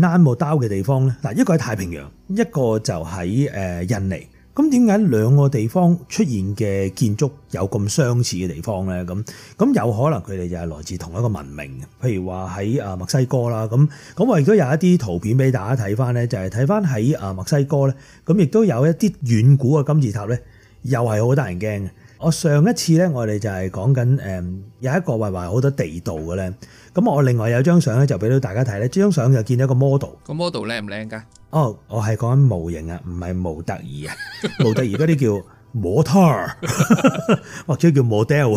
S1: 蘭姆島嘅地方咧，嗱，一個係太平洋，一個就喺誒印尼。咁點解兩個地方出現嘅建築有咁相似嘅地方咧？咁咁有可能佢哋就係來自同一個文明嘅，譬如話喺啊墨西哥啦，咁咁我亦都有一啲圖片俾大家睇翻咧，就係睇翻喺啊墨西哥咧，咁亦都有一啲遠古嘅金字塔咧，又係好得人驚嘅。我上一次咧，我哋就係講緊誒有一個話話好多地道嘅咧。咁我另外有張相咧，就俾到大家睇咧。張相就見到一個 model，
S2: 個 model 靚唔靚㗎？哦，
S1: 我係講緊模型啊，唔係模特兒啊、 [laughs] 哦。模，模特兒嗰啲叫模特兒叫 Mortal, [laughs] 我她叫叫 model。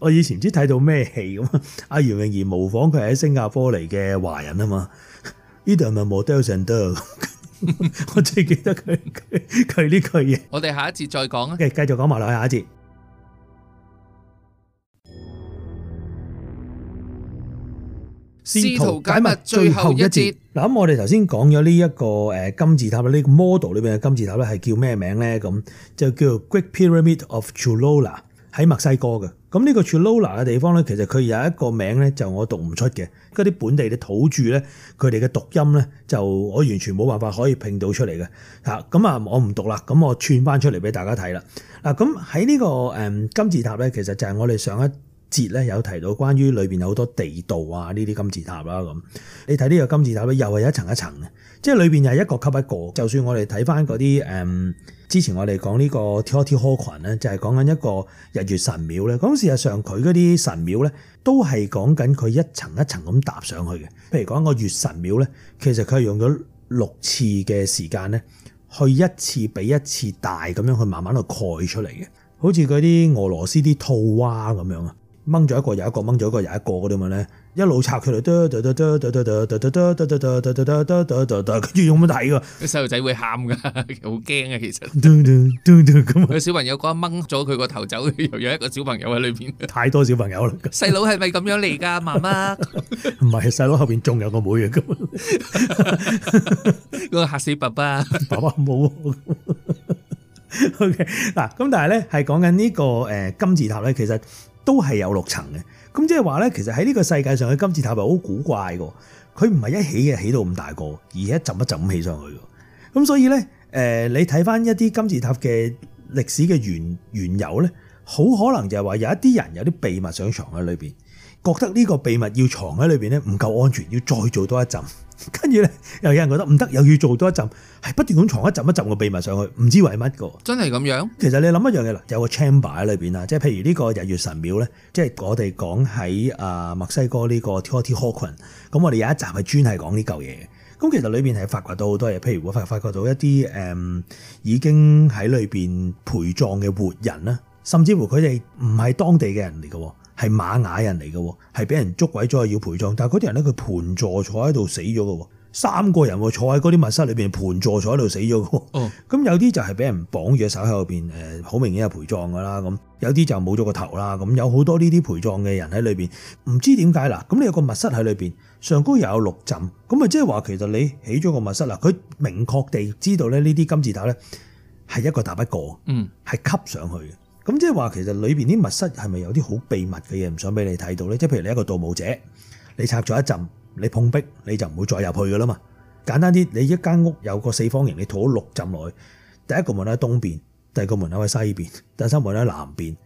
S1: [laughs] 我以前唔知睇到咩戲咁啊？阿袁詠儀模仿佢係喺新加坡嚟嘅華人啊嘛，呢度係咪 model centre？ [laughs] 我最記得佢佢佢呢句嘢，我哋下一節再講啊，繼續講埋落去下一節。試圖解密最後一節。嗱咁，我哋頭先講咗呢一個誒金字塔啦，呢個 model 裏面嘅金字塔咧係叫咩名咧？咁就叫做 Great Pyramid of Cholula，喺墨西哥嘅。咁、這、呢個 Cholula 嘅地方咧，其實佢有一個名咧，就我讀唔出嘅，嗰啲本地嘅土著咧，佢哋嘅讀音咧，就我完全冇辦法可以拼到出嚟嘅吓。咁、嗯、啊，我唔讀啦，咁我串返出嚟俾大家睇啦。嗱、嗯，咁喺呢個誒金字塔咧，其實就係我哋上一節咧有提到關於裏面有好多地道啊，呢啲金字塔啦咁。你睇呢個金字塔咧，又係一層一層嘅，即係裏面又係一個級一個。就算我哋睇翻嗰啲誒，之前我哋講呢個 Teotihuacan 群咧，就係講緊一個日月神廟咧。咁事實上佢嗰啲神廟咧，都係講緊佢一層一層咁搭上去嘅。譬如講個月神廟咧，其實佢係用咗六次嘅時間咧，去一次比一次大咁樣去慢慢去蓋出嚟嘅，好似嗰啲俄羅斯啲套娃咁樣啊。掹咗一個又一個，掹咗一個又一個嗰啲咁咧，一路拆出嚟，跟住用乜睇㗎？啲
S2: 細路仔會喊㗎，好驚啊！
S1: 其實，咁啊，
S2: 小朋友講掹咗佢個頭走，又有一個小朋友喺裏
S1: 邊。太多小朋友啦。細
S2: 佬係咪咁樣嚟㗎，媽媽？唔
S1: 係，細佬後邊仲有個妹嘅咁。我吓死爸爸。爸爸冇。O K 嗱，咁但係咧，係講緊呢個誒金字塔咧，其實。都係有六層嘅，咁即係話咧，其實喺呢個世界上嘅金字塔係好古怪嘅，佢唔係一起嘅起到咁大個，而係一浸一浸起上去。咁所以咧，誒、呃、你睇翻一啲金字塔嘅歷史嘅原原由咧，好可能就係話有一啲人有啲秘密上床喺裏面。覺得呢個秘密要藏喺裏面咧，唔夠安全，要再做多一陣。跟住咧，又有人覺得唔得，又要做多一陣，係不斷咁藏一陣一陣嘅秘密上去，唔知為乜個。
S2: 真係咁樣？
S1: 其實你諗一樣嘢啦，有個 chamber 喺裏面啊，即係譬如呢個日月神廟咧，即係我哋講喺啊墨西哥呢個、Tlatelolco。咁我哋有一集係專係講呢嚿嘢。咁其實裏面係發掘到好多嘢，譬如會發發掘到一啲誒、嗯、已經喺裏面陪葬嘅活人啦，甚至乎佢哋唔係當地嘅人嚟嘅。係瑪雅人嚟嘅喎，係俾人捉鬼咗，要陪葬。但係啲人咧，佢盤坐坐喺度死咗嘅喎，三個人坐喺嗰啲密室裏邊盤坐坐喺度死咗嘅喎。哦、嗯，咁有啲就係俾人綁住隻手喺後邊，誒，好明顯係陪葬嘅啦。咁有啲就冇咗個頭啦。咁有好多呢啲陪葬嘅人喺裏邊，唔知點解嗱。咁你有個密室喺裏邊，上高又有六浸，咁啊，即係話其實你起咗個密室啦，佢明確地知道咧呢啲金字塔咧係一個打不過，嗯，係吸上去嘅。咁即係話，其實裏邊啲密室係咪有啲好秘密嘅嘢唔想俾你睇到呢？即係譬如你一個盜墓者，你拆咗一陣，你碰壁你就唔會再入去噶啦嘛。簡單啲，你一間屋有個四方形，你塗六浸落去，第一個門口喺東邊，第二個門口喺西邊，第三門口喺南邊，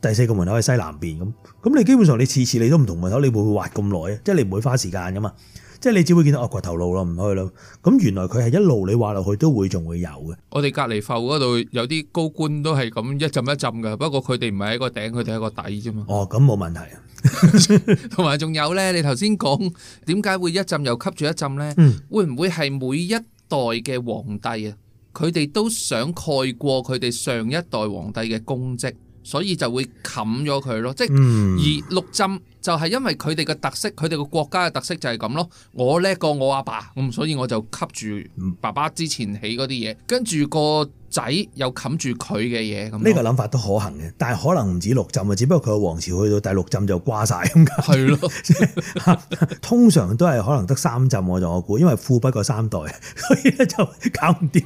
S1: 第四個門口喺西南邊咁。咁你基本上你次次你都唔同門口，你會唔會挖咁耐啊？即係你唔會花時間噶嘛？即係你只會見到惡棍頭路咯，唔開咯。咁原來佢係一路你話落去都會仲會有嘅。
S2: 我哋隔籬埠嗰度有啲高官都係咁一浸一浸噶，不過佢哋唔係喺個頂，佢哋喺個底
S1: 啫嘛。哦，咁冇問題
S2: 啊。同埋仲有咧，你頭先講點解會一浸又吸住一浸咧？嗯，會唔會係每一代嘅皇帝啊？佢哋都想蓋過佢哋上一代皇帝嘅功績。所以就會冚咗佢咯，即係、嗯、而六浸就係因為佢哋嘅特色，佢哋嘅國家嘅特色就係咁咯。我叻過我阿爸，爸，咁所以我就吸住爸爸之前起嗰啲嘢，嗯、跟住個仔又冚住佢嘅嘢。咁呢個
S1: 諗法都可行嘅，但係可能唔止六浸啊，只不過佢個王朝去到第六浸就瓜晒咁解的。係咯，通常都係可能得三浸我就我估，因為富不過三代，所以呢就搞唔掂。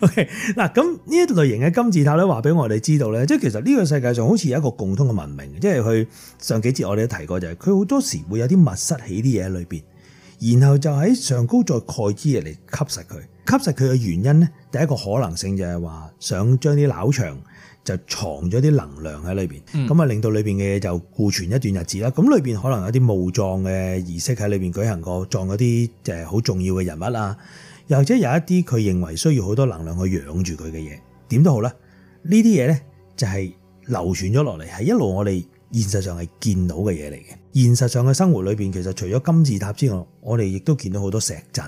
S1: O.K. 嗱，咁呢一類型嘅金字塔咧，話俾我哋知道咧，即係其實呢個世界上好似有一個共通嘅文明，即係佢，上幾節我哋都提過、就係，就係佢好多時會有啲密室起啲嘢喺裏面，然後就喺上高再蓋啲嘢嚟吸實佢，吸實佢嘅原因咧，第一個可能性就係話想將啲攪牆就藏咗啲能量喺裏面，咁、嗯、啊令到裏面嘅嘢就固存一段日子啦。咁裏面可能有啲墓葬嘅儀式喺裏面舉行過，葬咗啲誒好重要嘅人物啊。又或者有一啲佢認為需要好多能量去養住佢嘅嘢，點都好啦。呢啲嘢咧就係流傳咗落嚟，係一路我哋現實上係見到嘅嘢嚟嘅。現實上嘅生活裏邊，其實除咗金字塔之外，我哋亦都見到好多石陣。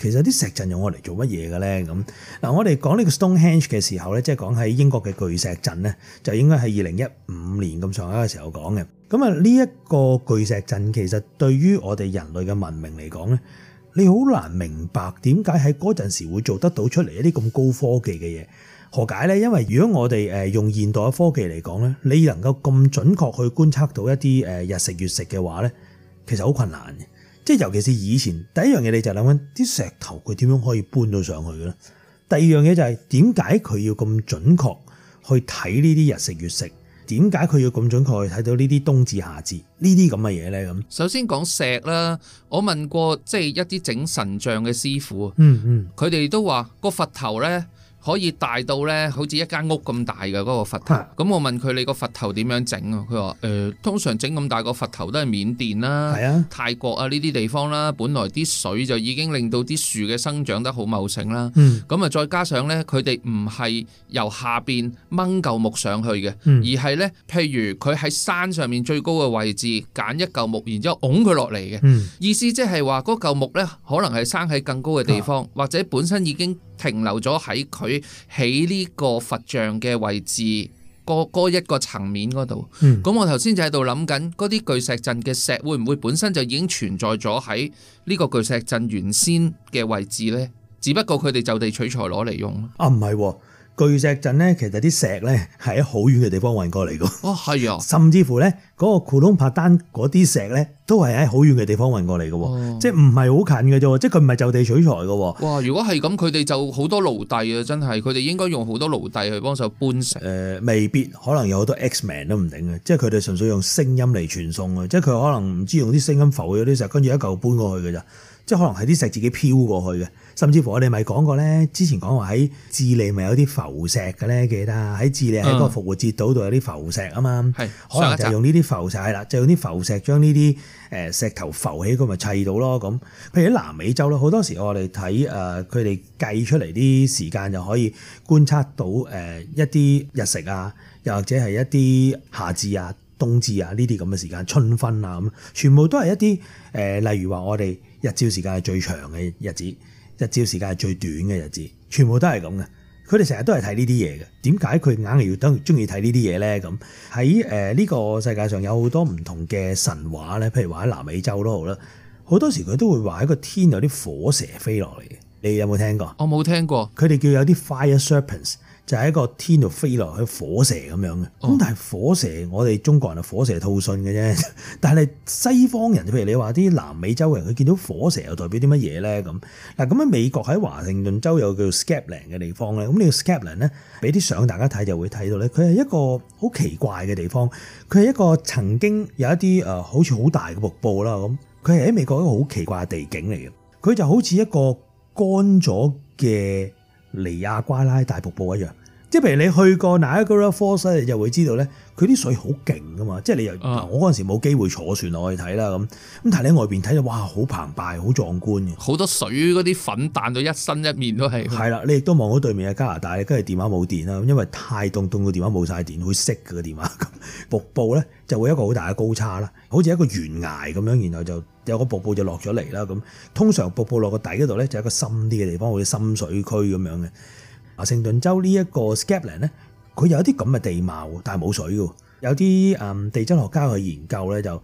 S1: 其實啲石陣用我嚟做乜嘢嘅咧？咁嗱，我哋講呢個 Stonehenge 嘅時候咧，即係講喺英國嘅巨石陣咧，就應該係二零一五年咁上下嘅時候講嘅。咁啊，呢一個巨石陣其實對於我哋人類嘅文明嚟講咧。你好難明白點解喺嗰陣時會做得到出嚟一啲咁高科技嘅嘢？何解呢？因為如果我哋用現代嘅科技嚟講咧，你能夠咁準確去觀察到一啲日食月食嘅話咧，其實好困難嘅。即係尤其是以前第一樣嘢，你就諗緊啲石頭佢點樣可以搬到上去嘅咧？第二樣嘢就係點解佢要咁準確去睇呢啲日食月食？點解佢要咁準確去睇到呢啲冬至夏至呢啲咁嘅嘢咧？咁
S2: 首先講石啦，我問過即係一啲整神像嘅師傅，嗯嗯，佢哋都話個佛頭咧。可以大到呢，好似一間屋咁大嘅嗰個佛頭，咁、啊、我問佢：你個佛頭點樣整啊？佢話，誒、呃，通常整咁大個佛頭都係緬甸啦、啊、泰國啊呢啲地方啦。本來啲水就已經令到啲樹嘅生長得好茂盛啦。咁、嗯、啊，再加上呢，佢哋唔係由下邊掹嚿木上去嘅、嗯，而係呢，譬如佢喺山上面最高嘅位置揀一嚿木，然之後㧬佢落嚟嘅。意思即係話嗰嚿木呢可能係生喺更高嘅地方、啊，或者本身已經。停留咗喺佢起呢個佛像嘅位置，個嗰一個層面嗰度。咁、嗯、我頭先就喺度諗緊，嗰啲巨石陣嘅石會唔會本身就已經存在咗喺呢個巨石陣原先嘅位置呢？只不過佢哋就地取材攞嚟用
S1: 啊？唔係巨石陣咧，其實啲石咧係喺好遠嘅地方運過嚟嘅。哦，係啊。甚至乎咧、um，嗰個庫隆帕丹嗰啲石咧，都係喺好遠嘅地方運過嚟嘅、哦，即係唔係好近嘅啫。即係佢唔係就地取材嘅。
S2: 哇！如果係咁，佢哋就好多奴隸啊！真係，佢哋應該用好多奴隸去幫手搬石。誒、呃，
S1: 未必，可能有好多 X man 都唔頂嘅，即係佢哋純粹用聲音嚟傳送啊！即係佢可能唔知用啲聲音浮咗啲石，跟住一嚿搬過去嘅咋。即可能係啲石自己漂過去嘅，甚至乎我哋咪講過咧。之前講話喺智利咪有啲浮石嘅咧，記得喺智利喺個復活節島度有啲浮石啊嘛、嗯，可能就用呢啲浮石啦、嗯，就係、用啲浮石將呢啲石頭浮起，咁咪砌到咯咁。譬如喺南美洲咯，好多時我哋睇誒佢哋計出嚟啲時間，就可以觀察到誒一啲日食啊，又或者係一啲夏至啊、冬至啊呢啲咁嘅時間、春分啊咁，全部都係一啲誒，例如話我哋，日照時間係最長嘅日子，日照時間係最短嘅日子，全部都係咁嘅。佢哋成日都係睇呢啲嘢嘅。點解佢硬係要等中意睇呢啲嘢呢？咁喺誒呢個世界上有好多唔同嘅神話呢，譬如話喺南美洲都好啦，好多時佢都會話喺個天有啲火蛇飛落嚟嘅。你有冇聽過？我冇聽過。佢哋叫有啲 fire serpents。就係、是、一個天度飛落去火蛇咁樣嘅，咁但係火蛇，我哋中國人係火蛇吐信嘅啫。但係西方人，譬如你話啲南美洲人，佢見到火蛇又代表啲乜嘢咧？咁嗱，咁樣美國喺華盛頓州有叫 Scapland 嘅地方咧，咁呢個 Scapland 咧，俾啲相大家睇就會睇到咧，佢係一個好奇怪嘅地方，佢係一,一,一個曾經有一啲誒好似好大嘅瀑布啦咁，佢係喺美國一個好奇怪嘅地景嚟嘅，佢就好似一個乾咗嘅。尼亞瓜拉大瀑布一樣。即係譬如你去過哪一個 Falls 你就會知道咧，佢啲水好勁噶嘛。即係你又，我嗰陣時冇機會坐船落去睇啦咁。咁但係你外面睇就哇，好澎湃，好壯觀嘅。
S2: 好多水嗰啲粉彈到一身一面都係。係啦，
S1: 你亦都望到對面嘅加拿大，跟住電話冇電啦，因為太凍，凍到電話冇晒電，會熄嘅電話。 [laughs] 瀑布咧就會一個好大嘅高差啦，好似一個懸崖咁樣，然後就有個瀑布就落咗嚟啦咁。通常瀑布落個底嗰度咧就係一個深啲嘅地方，好似深水區咁樣嘅。華盛頓州呢一個 Scablands 咧，佢有啲咁嘅地貌，但係冇水嘅。有啲嗯地質學家去研究咧，就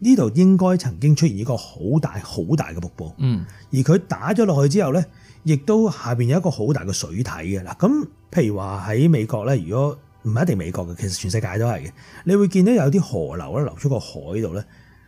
S1: 呢度應該曾經出現一個好大好大嘅瀑布。嗯，而佢打咗落去之後咧，亦都下邊有一個好大嘅水體嘅。嗱，咁譬如話喺美國咧，如果唔一定美國嘅，其實全世界都係嘅。你會見到有啲河流咧流出個海度咧，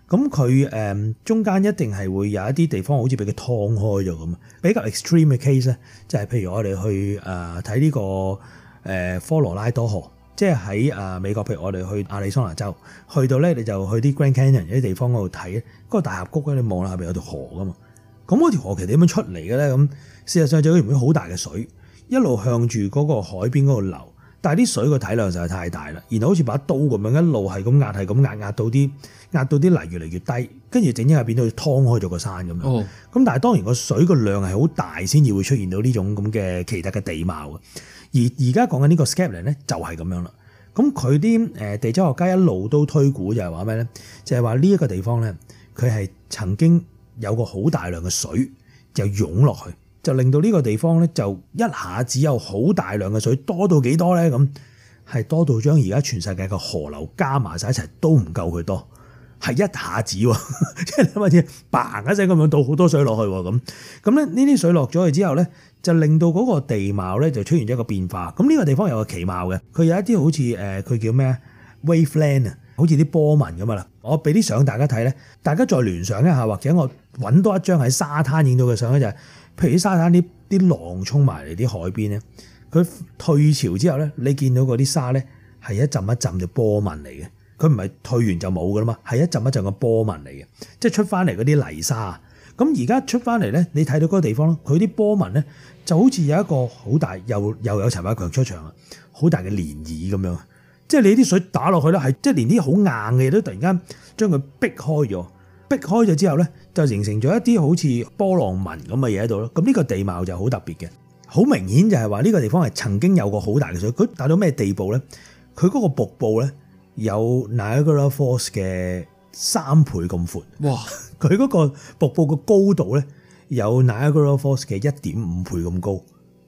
S1: 咁佢誒中間一定係會有一啲地方好似俾佢燙開咗咁，比較 extreme 嘅 case 咧，就係譬如我哋去誒睇呢個誒、呃、科羅拉多河，即係喺、呃、美國，譬如我哋去亞利桑那州，去到咧你就去啲 Grand Canyon 啲地方嗰度睇，嗰、嗰個大峽谷咧，你望啦，下邊有條河噶嘛，咁嗰條河其實點樣出嚟嘅咧？咁事實上就係一片好大嘅水，一路向住嗰個海邊嗰度流。但係啲水個體量實在太大啦，然後好似把刀咁樣一路係咁壓，係咁壓壓到啲壓到啲泥越嚟越低，跟住整一下變到劏開咗個山咁樣。咁但係當然個水個量係好大先至會出現到呢種咁嘅奇特嘅地貌嘅。而而家講緊呢個 Scablands 咧就係咁樣啦。咁佢啲誒地質學家一路都推估就係話咩咧？就係話呢一個地方咧，佢係曾經有個好大量嘅水就湧落去。就令到呢個地方咧，就一下子有好大量嘅水，多到幾多咧？咁係多到將而家全世界嘅河流加埋晒一齊都唔夠佢多，係一下子即係諗下先，嘭一聲咁樣倒好多水落去喎咁。咁咧呢啲水落咗去之後咧，就令到嗰個地貌咧就出現咗一個變化。咁呢個地方有個奇貌嘅，佢有一啲好似誒，佢叫咩？Wave Land 啊，好似啲波紋咁啊啦。我俾啲相大家睇咧，大家再聯想一下，或者我揾多一張喺沙灘影到嘅相咧就係、是。譬如啲沙灘啲啲浪沖埋嚟啲海邊咧，佢退潮之後咧，你見到嗰啲沙咧係一陣一陣嘅波紋嚟嘅，佢唔係退完就冇噶啦嘛，係一陣一陣嘅波紋嚟嘅，即係出翻嚟嗰啲泥沙啊。咁而家出翻嚟咧，你睇到嗰個地方咯，佢啲波紋咧就好似有一個好大，又又有柴馬強出場啊，好大嘅漣漪咁樣，即係你啲水打落去咧係即係連啲好硬嘅嘢都突然間將佢逼開咗。逼開咗之後咧，就形成咗一啲好似波浪紋咁嘅嘢喺度咯。咁呢個地貌就好特別嘅，好明顯就係話呢個地方係曾經有過好大嘅水。佢大到咩地步咧？佢嗰個瀑布咧有 Niagara Falls 嘅三倍咁闊。哇！佢嗰個瀑布嘅高度咧有 Niagara Falls 嘅一點五倍咁高。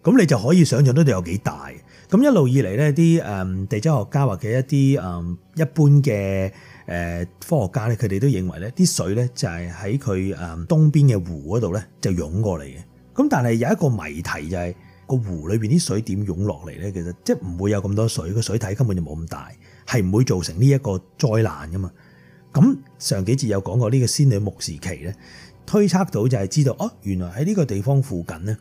S1: 咁你就可以想像到佢有幾大。咁一路以嚟咧，啲誒地質學家或者一啲誒一般嘅。誒科學家咧，佢哋都認為咧，啲水咧就係喺佢誒東邊嘅湖嗰度咧就湧過嚟嘅。咁但係有一個謎題就係個湖裏邊啲水點湧落嚟咧？其實即係唔會有咁多水，個水體根本就冇咁大，係唔會造成呢一個災難噶嘛。咁上幾節有講過呢個仙女木時期咧，推測到就係知道哦，原來喺呢個地方附近咧，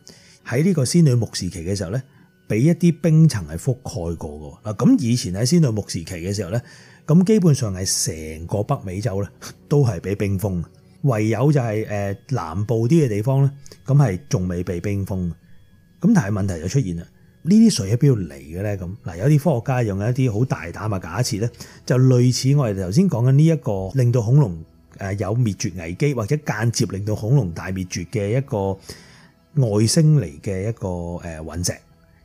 S1: 喺呢個仙女木時期嘅時候咧，俾一啲冰層係覆蓋過嘅嗱。咁以前喺仙女木時期嘅時候咧。咁基本上係成個北美洲咧都係俾冰封，唯有就係誒南部啲嘅地方咧，咁係仲未被冰封。咁但係問題就出現啦，呢啲水喺邊度嚟嘅咧？咁嗱，有啲科學家用一啲好大膽嘅假設咧，就類似我哋頭先講緊呢一個令到恐龍誒有滅絕危機，或者間接令到恐龍大滅絕嘅一個外星嚟嘅一個誒隕石。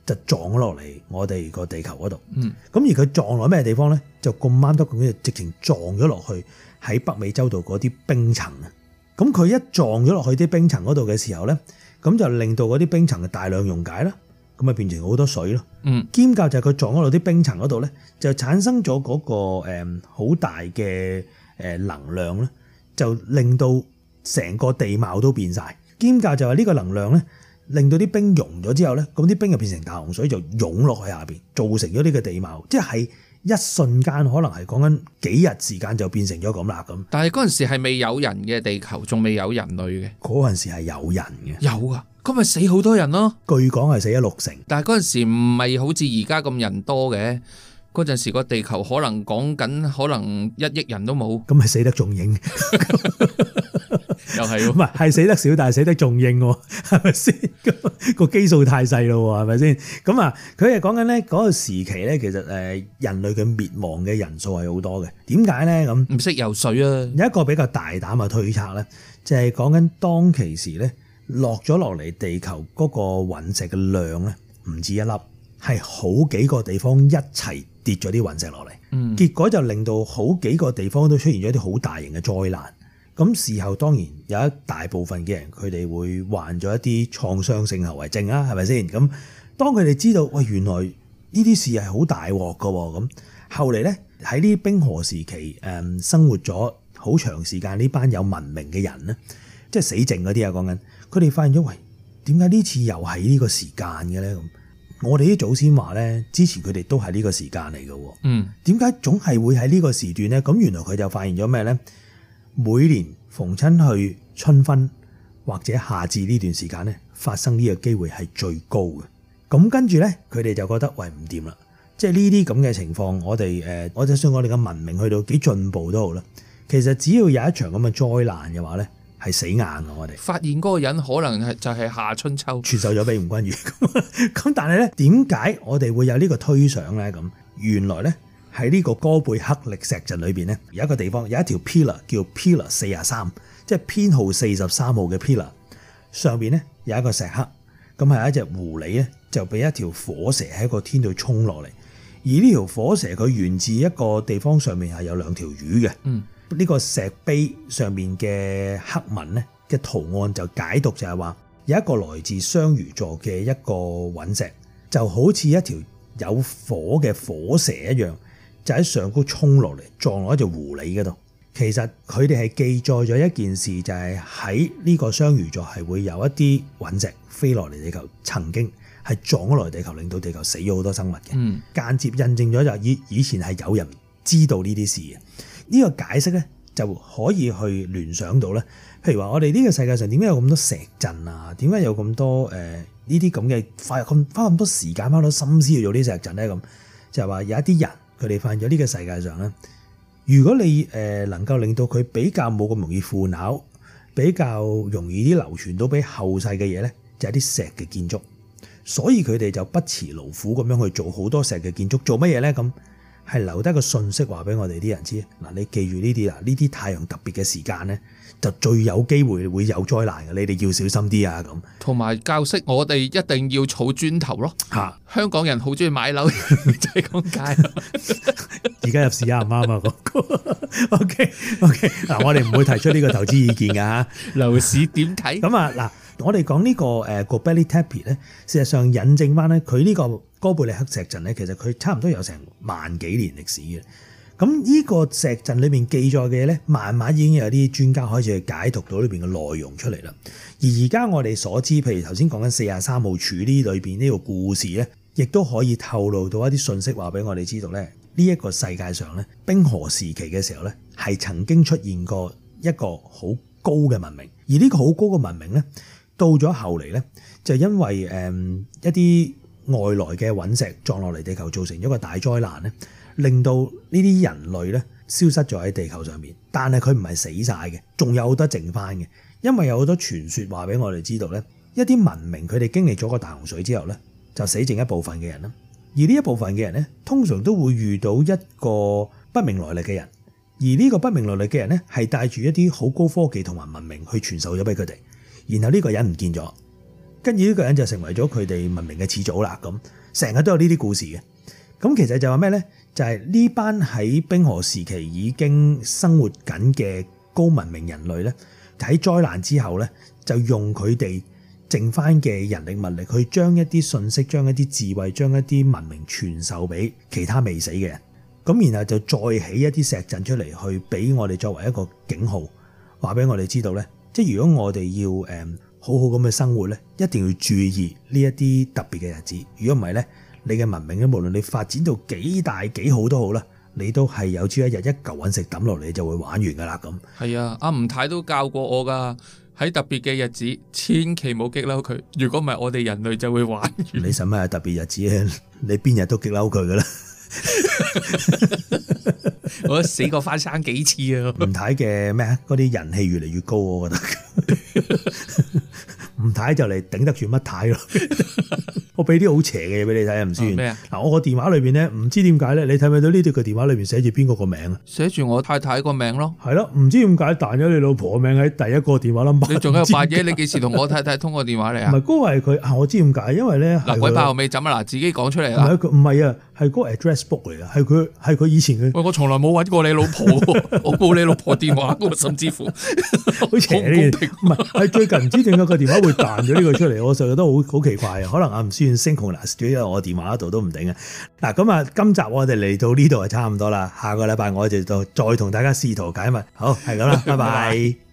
S1: 就撞咗落嚟我哋個地球嗰度，咁、嗯、而佢撞落咩地方咧？就咁啱得咁，直情撞咗落去喺北美洲度嗰啲冰層啊！咁佢一撞咗落去啲冰層嗰度嘅時候咧，咁就令到嗰啲冰層大量溶解啦，咁啊變成好多水咯。嗯，兼教就係佢撞咗落啲冰層嗰度咧，就產生咗嗰個誒好大嘅誒能量啦，就令到成個地貌都變晒。兼教就係呢個能量咧。令到啲冰融咗之後呢，咁啲冰就變成大洪水，就湧落去下邊，造成咗呢個地貌，即係一瞬間可能係講緊幾日時間就變成咗咁啦。咁但
S2: 係嗰陣時係未有人嘅地球，仲未有人類嘅。
S1: 嗰陣時係有人嘅，有啊，咁咪死好多人咯。據講係死咗六成。但係嗰陣
S2: 時唔係好似而家咁人多嘅。嗰陣時個地球可能講緊，可能一億人都冇，
S1: 咁咪死得仲應，又係唔係？係死得少，但係死得仲應喎，係咪先？咁個基數太細啦，係咪先？咁啊，佢係講緊咧嗰個時期咧，其實誒人類嘅滅亡嘅人數係好多嘅。點解咧？咁唔識游水啊！有一個比較大膽嘅推測咧，就係講緊當其時咧落咗落嚟地球嗰個隕石嘅量咧，唔止一粒，係好幾個地方一齊。跌咗啲隕石落嚟，結果就令到好幾個地方都出現咗啲好大型嘅災難。咁事後當然有一大部分嘅人佢哋會患咗一啲創傷性後遺症啦，係咪先？咁當佢哋知道喂，原來呢啲事係好大鑊嘅，咁後嚟咧喺呢冰河時期誒生活咗好長時間呢班有文明嘅人咧，即係死剩嗰啲啊講緊，佢哋發現咗喂，點解呢次又係呢個時間嘅咧咁？我哋啲祖先話咧，之前佢哋都係呢個時間嚟嘅。嗯，點解總係會喺呢個時段咧？咁原來佢就發現咗咩咧？每年逢親去春分或者夏至呢段時間咧，發生呢個機會係最高嘅。咁跟住咧，佢哋就覺得喂，唔掂啦。即係呢啲咁嘅情況，我哋誒，我就算我哋嘅文明去到幾進步都好啦，其實只要有一場咁嘅災難嘅話咧。係死硬啊， [laughs] 我哋
S2: 發現嗰個人可能係就係夏春秋傳授咗俾吳君如。
S1: 咁但係咧，點解我哋會有呢個推想咧？咁原來咧，喺呢個哥貝克力石陣裏邊咧，有一個地方有一條 pillar 叫 pillar 四十三，即係編號四十三號嘅 pillar，上邊咧有一個石刻，咁係一隻狐狸咧，就俾一條火蛇喺個天度衝落嚟。而呢條火蛇佢源自一個地方上面係有兩條魚嘅。嗯。呢個石碑上面嘅黑文咧嘅圖案就解讀就係話有一個來自雙魚座嘅一個隕石就好似一條有火嘅火蛇一樣，就喺上高衝落嚟撞落一條狐狸嗰度。其實佢哋係記載咗一件事，就係喺呢個雙魚座係會有一啲隕石飛落嚟地球，曾經係撞咗落地球，令到地球死咗好多生物嘅。嗯，間接印證咗就以以前係有人知道呢啲事嘅。呢個解釋咧就可以去聯想到咧，譬如話我哋呢個世界上點解有咁多石陣啊？點解有咁多誒呢啲咁嘅花咁花咁多時間花咗心思去做啲石陣咧？咁就係話有一啲人佢哋發現咗呢個世界上咧，如果你誒能夠令到佢比較冇咁容易腐朽，比較容易啲流傳到俾後世嘅嘢咧，就係啲石嘅建築。所以佢哋就不辭勞苦咁樣去做好多石嘅建築，做乜嘢咧？咁係留低個信息，話俾我哋啲人知。嗱，你記住呢啲啦，呢啲太陽特別嘅時間咧，就最有機會會有災難嘅。你哋要小心啲啊，咁。同埋教識我哋一定要儲磚頭咯。吓、啊，
S2: 香港人好中意買樓，就係咁解。
S1: 而家入市啱唔啱啊？OK [laughs] [laughs] OK。嗱，我哋唔會提出呢個投資意見噶。樓市點睇？咁啊，嗱、 [laughs] [laughs] 啊，我哋講呢個誒個 Göbekli Tepe 咧，事實上引證翻咧，佢呢個。哥貝克力石陣咧，其實佢差唔多有成萬幾年歷史嘅。咁呢個石陣裏面記載嘅嘢咧，慢慢已經有啲專家開始去解讀到裏邊嘅內容出嚟啦。而而家我哋所知，譬如頭先講緊四十三號柱呢裏邊呢個故事咧，亦都可以透露到一啲信息，話俾我哋知道咧，呢一個世界上咧冰河時期嘅時候咧，係曾經出現過一個好高嘅文明。而呢個好高嘅文明咧，到咗後嚟咧，就因為誒一啲。外來嘅隕石撞落嚟地球，造成咗個大災難咧，令到呢啲人類咧消失咗喺地球上面。但係佢唔係死晒嘅，仲有好多剩翻嘅。因為有好多傳説話俾我哋知道咧，一啲文明佢哋經歷咗個大洪水之後咧，就死剩一部分嘅人啦。而呢一部分嘅人咧，通常都會遇到一個不明來歷嘅人，而呢個不明來歷嘅人咧，係帶住一啲好高科技同埋文明去傳授咗俾佢哋，然後呢個人唔見咗。跟住呢個人就成為咗佢哋文明嘅始祖啦，咁成日都有呢啲故事嘅。咁其實就話咩呢？就係呢班喺冰河時期已經生活緊嘅高文明人類呢，喺災難之後呢，就用佢哋剩翻嘅人力物力，去將一啲信息、將一啲智慧、將一啲文明傳授俾其他未死嘅人。咁然後就再起一啲石陣出嚟，去俾我哋作為一個警號，話俾我哋知道呢：「即係如果我哋要誒好好咁嘅生活呢，一定要注意呢一啲特別嘅日子。如果唔係呢，你嘅文明咧，無論你發展到幾大幾好都好啦，你都係有朝一日一嚿隕石抌落嚟，就會玩完噶啦咁。
S2: 係啊，阿吳太都教過我噶，喺特別嘅日子，千祈冇激嬲佢。如果唔係，我哋人類就會玩
S1: 完。你使咩特別日子？你邊日都激嬲佢噶啦。 [laughs] 我死過翻生幾次啊！吳太嘅咩啊？嗰啲人氣越嚟越高，我覺得。 [laughs] 吳太就嚟頂得住乜太咯！我俾啲好邪嘅嘢俾你睇啊，唔算咩啊？嗱，我個電話裏邊咧，唔知點解咧，你睇唔睇到呢度嘅電話裏邊寫住邊個個名啊？寫
S2: 住我太太個名咯，
S1: 係咯？唔知點解彈咗你老婆個名喺第一個電話啦？你仲喺度扮嘢？ [laughs] 你幾時同我太
S2: 太通過電話嚟啊？唔係
S1: 高偉佢啊！我知點解，因為咧，嗱、呃、鬼拍後
S2: 尾枕啊！嗱，自己講出嚟啦，
S1: 唔係啊！係個 address book 嚟噶，係佢，係佢以前嘅。喂，
S2: 我從來冇搵過你老婆， [laughs] 我冇你老婆電話，甚至乎，唔 [laughs] 係，
S1: 係最近唔知點解個電話會彈咗呢個出嚟，我成日都好好奇怪啊！可能阿吳思遠 sync 唔住，因為我電話度都唔定嘅。嗱，咁啊，今集我哋嚟到呢度係差唔多啦，下個禮拜我哋就再再同大家試圖解密。好，係咁啦，拜拜。 [laughs]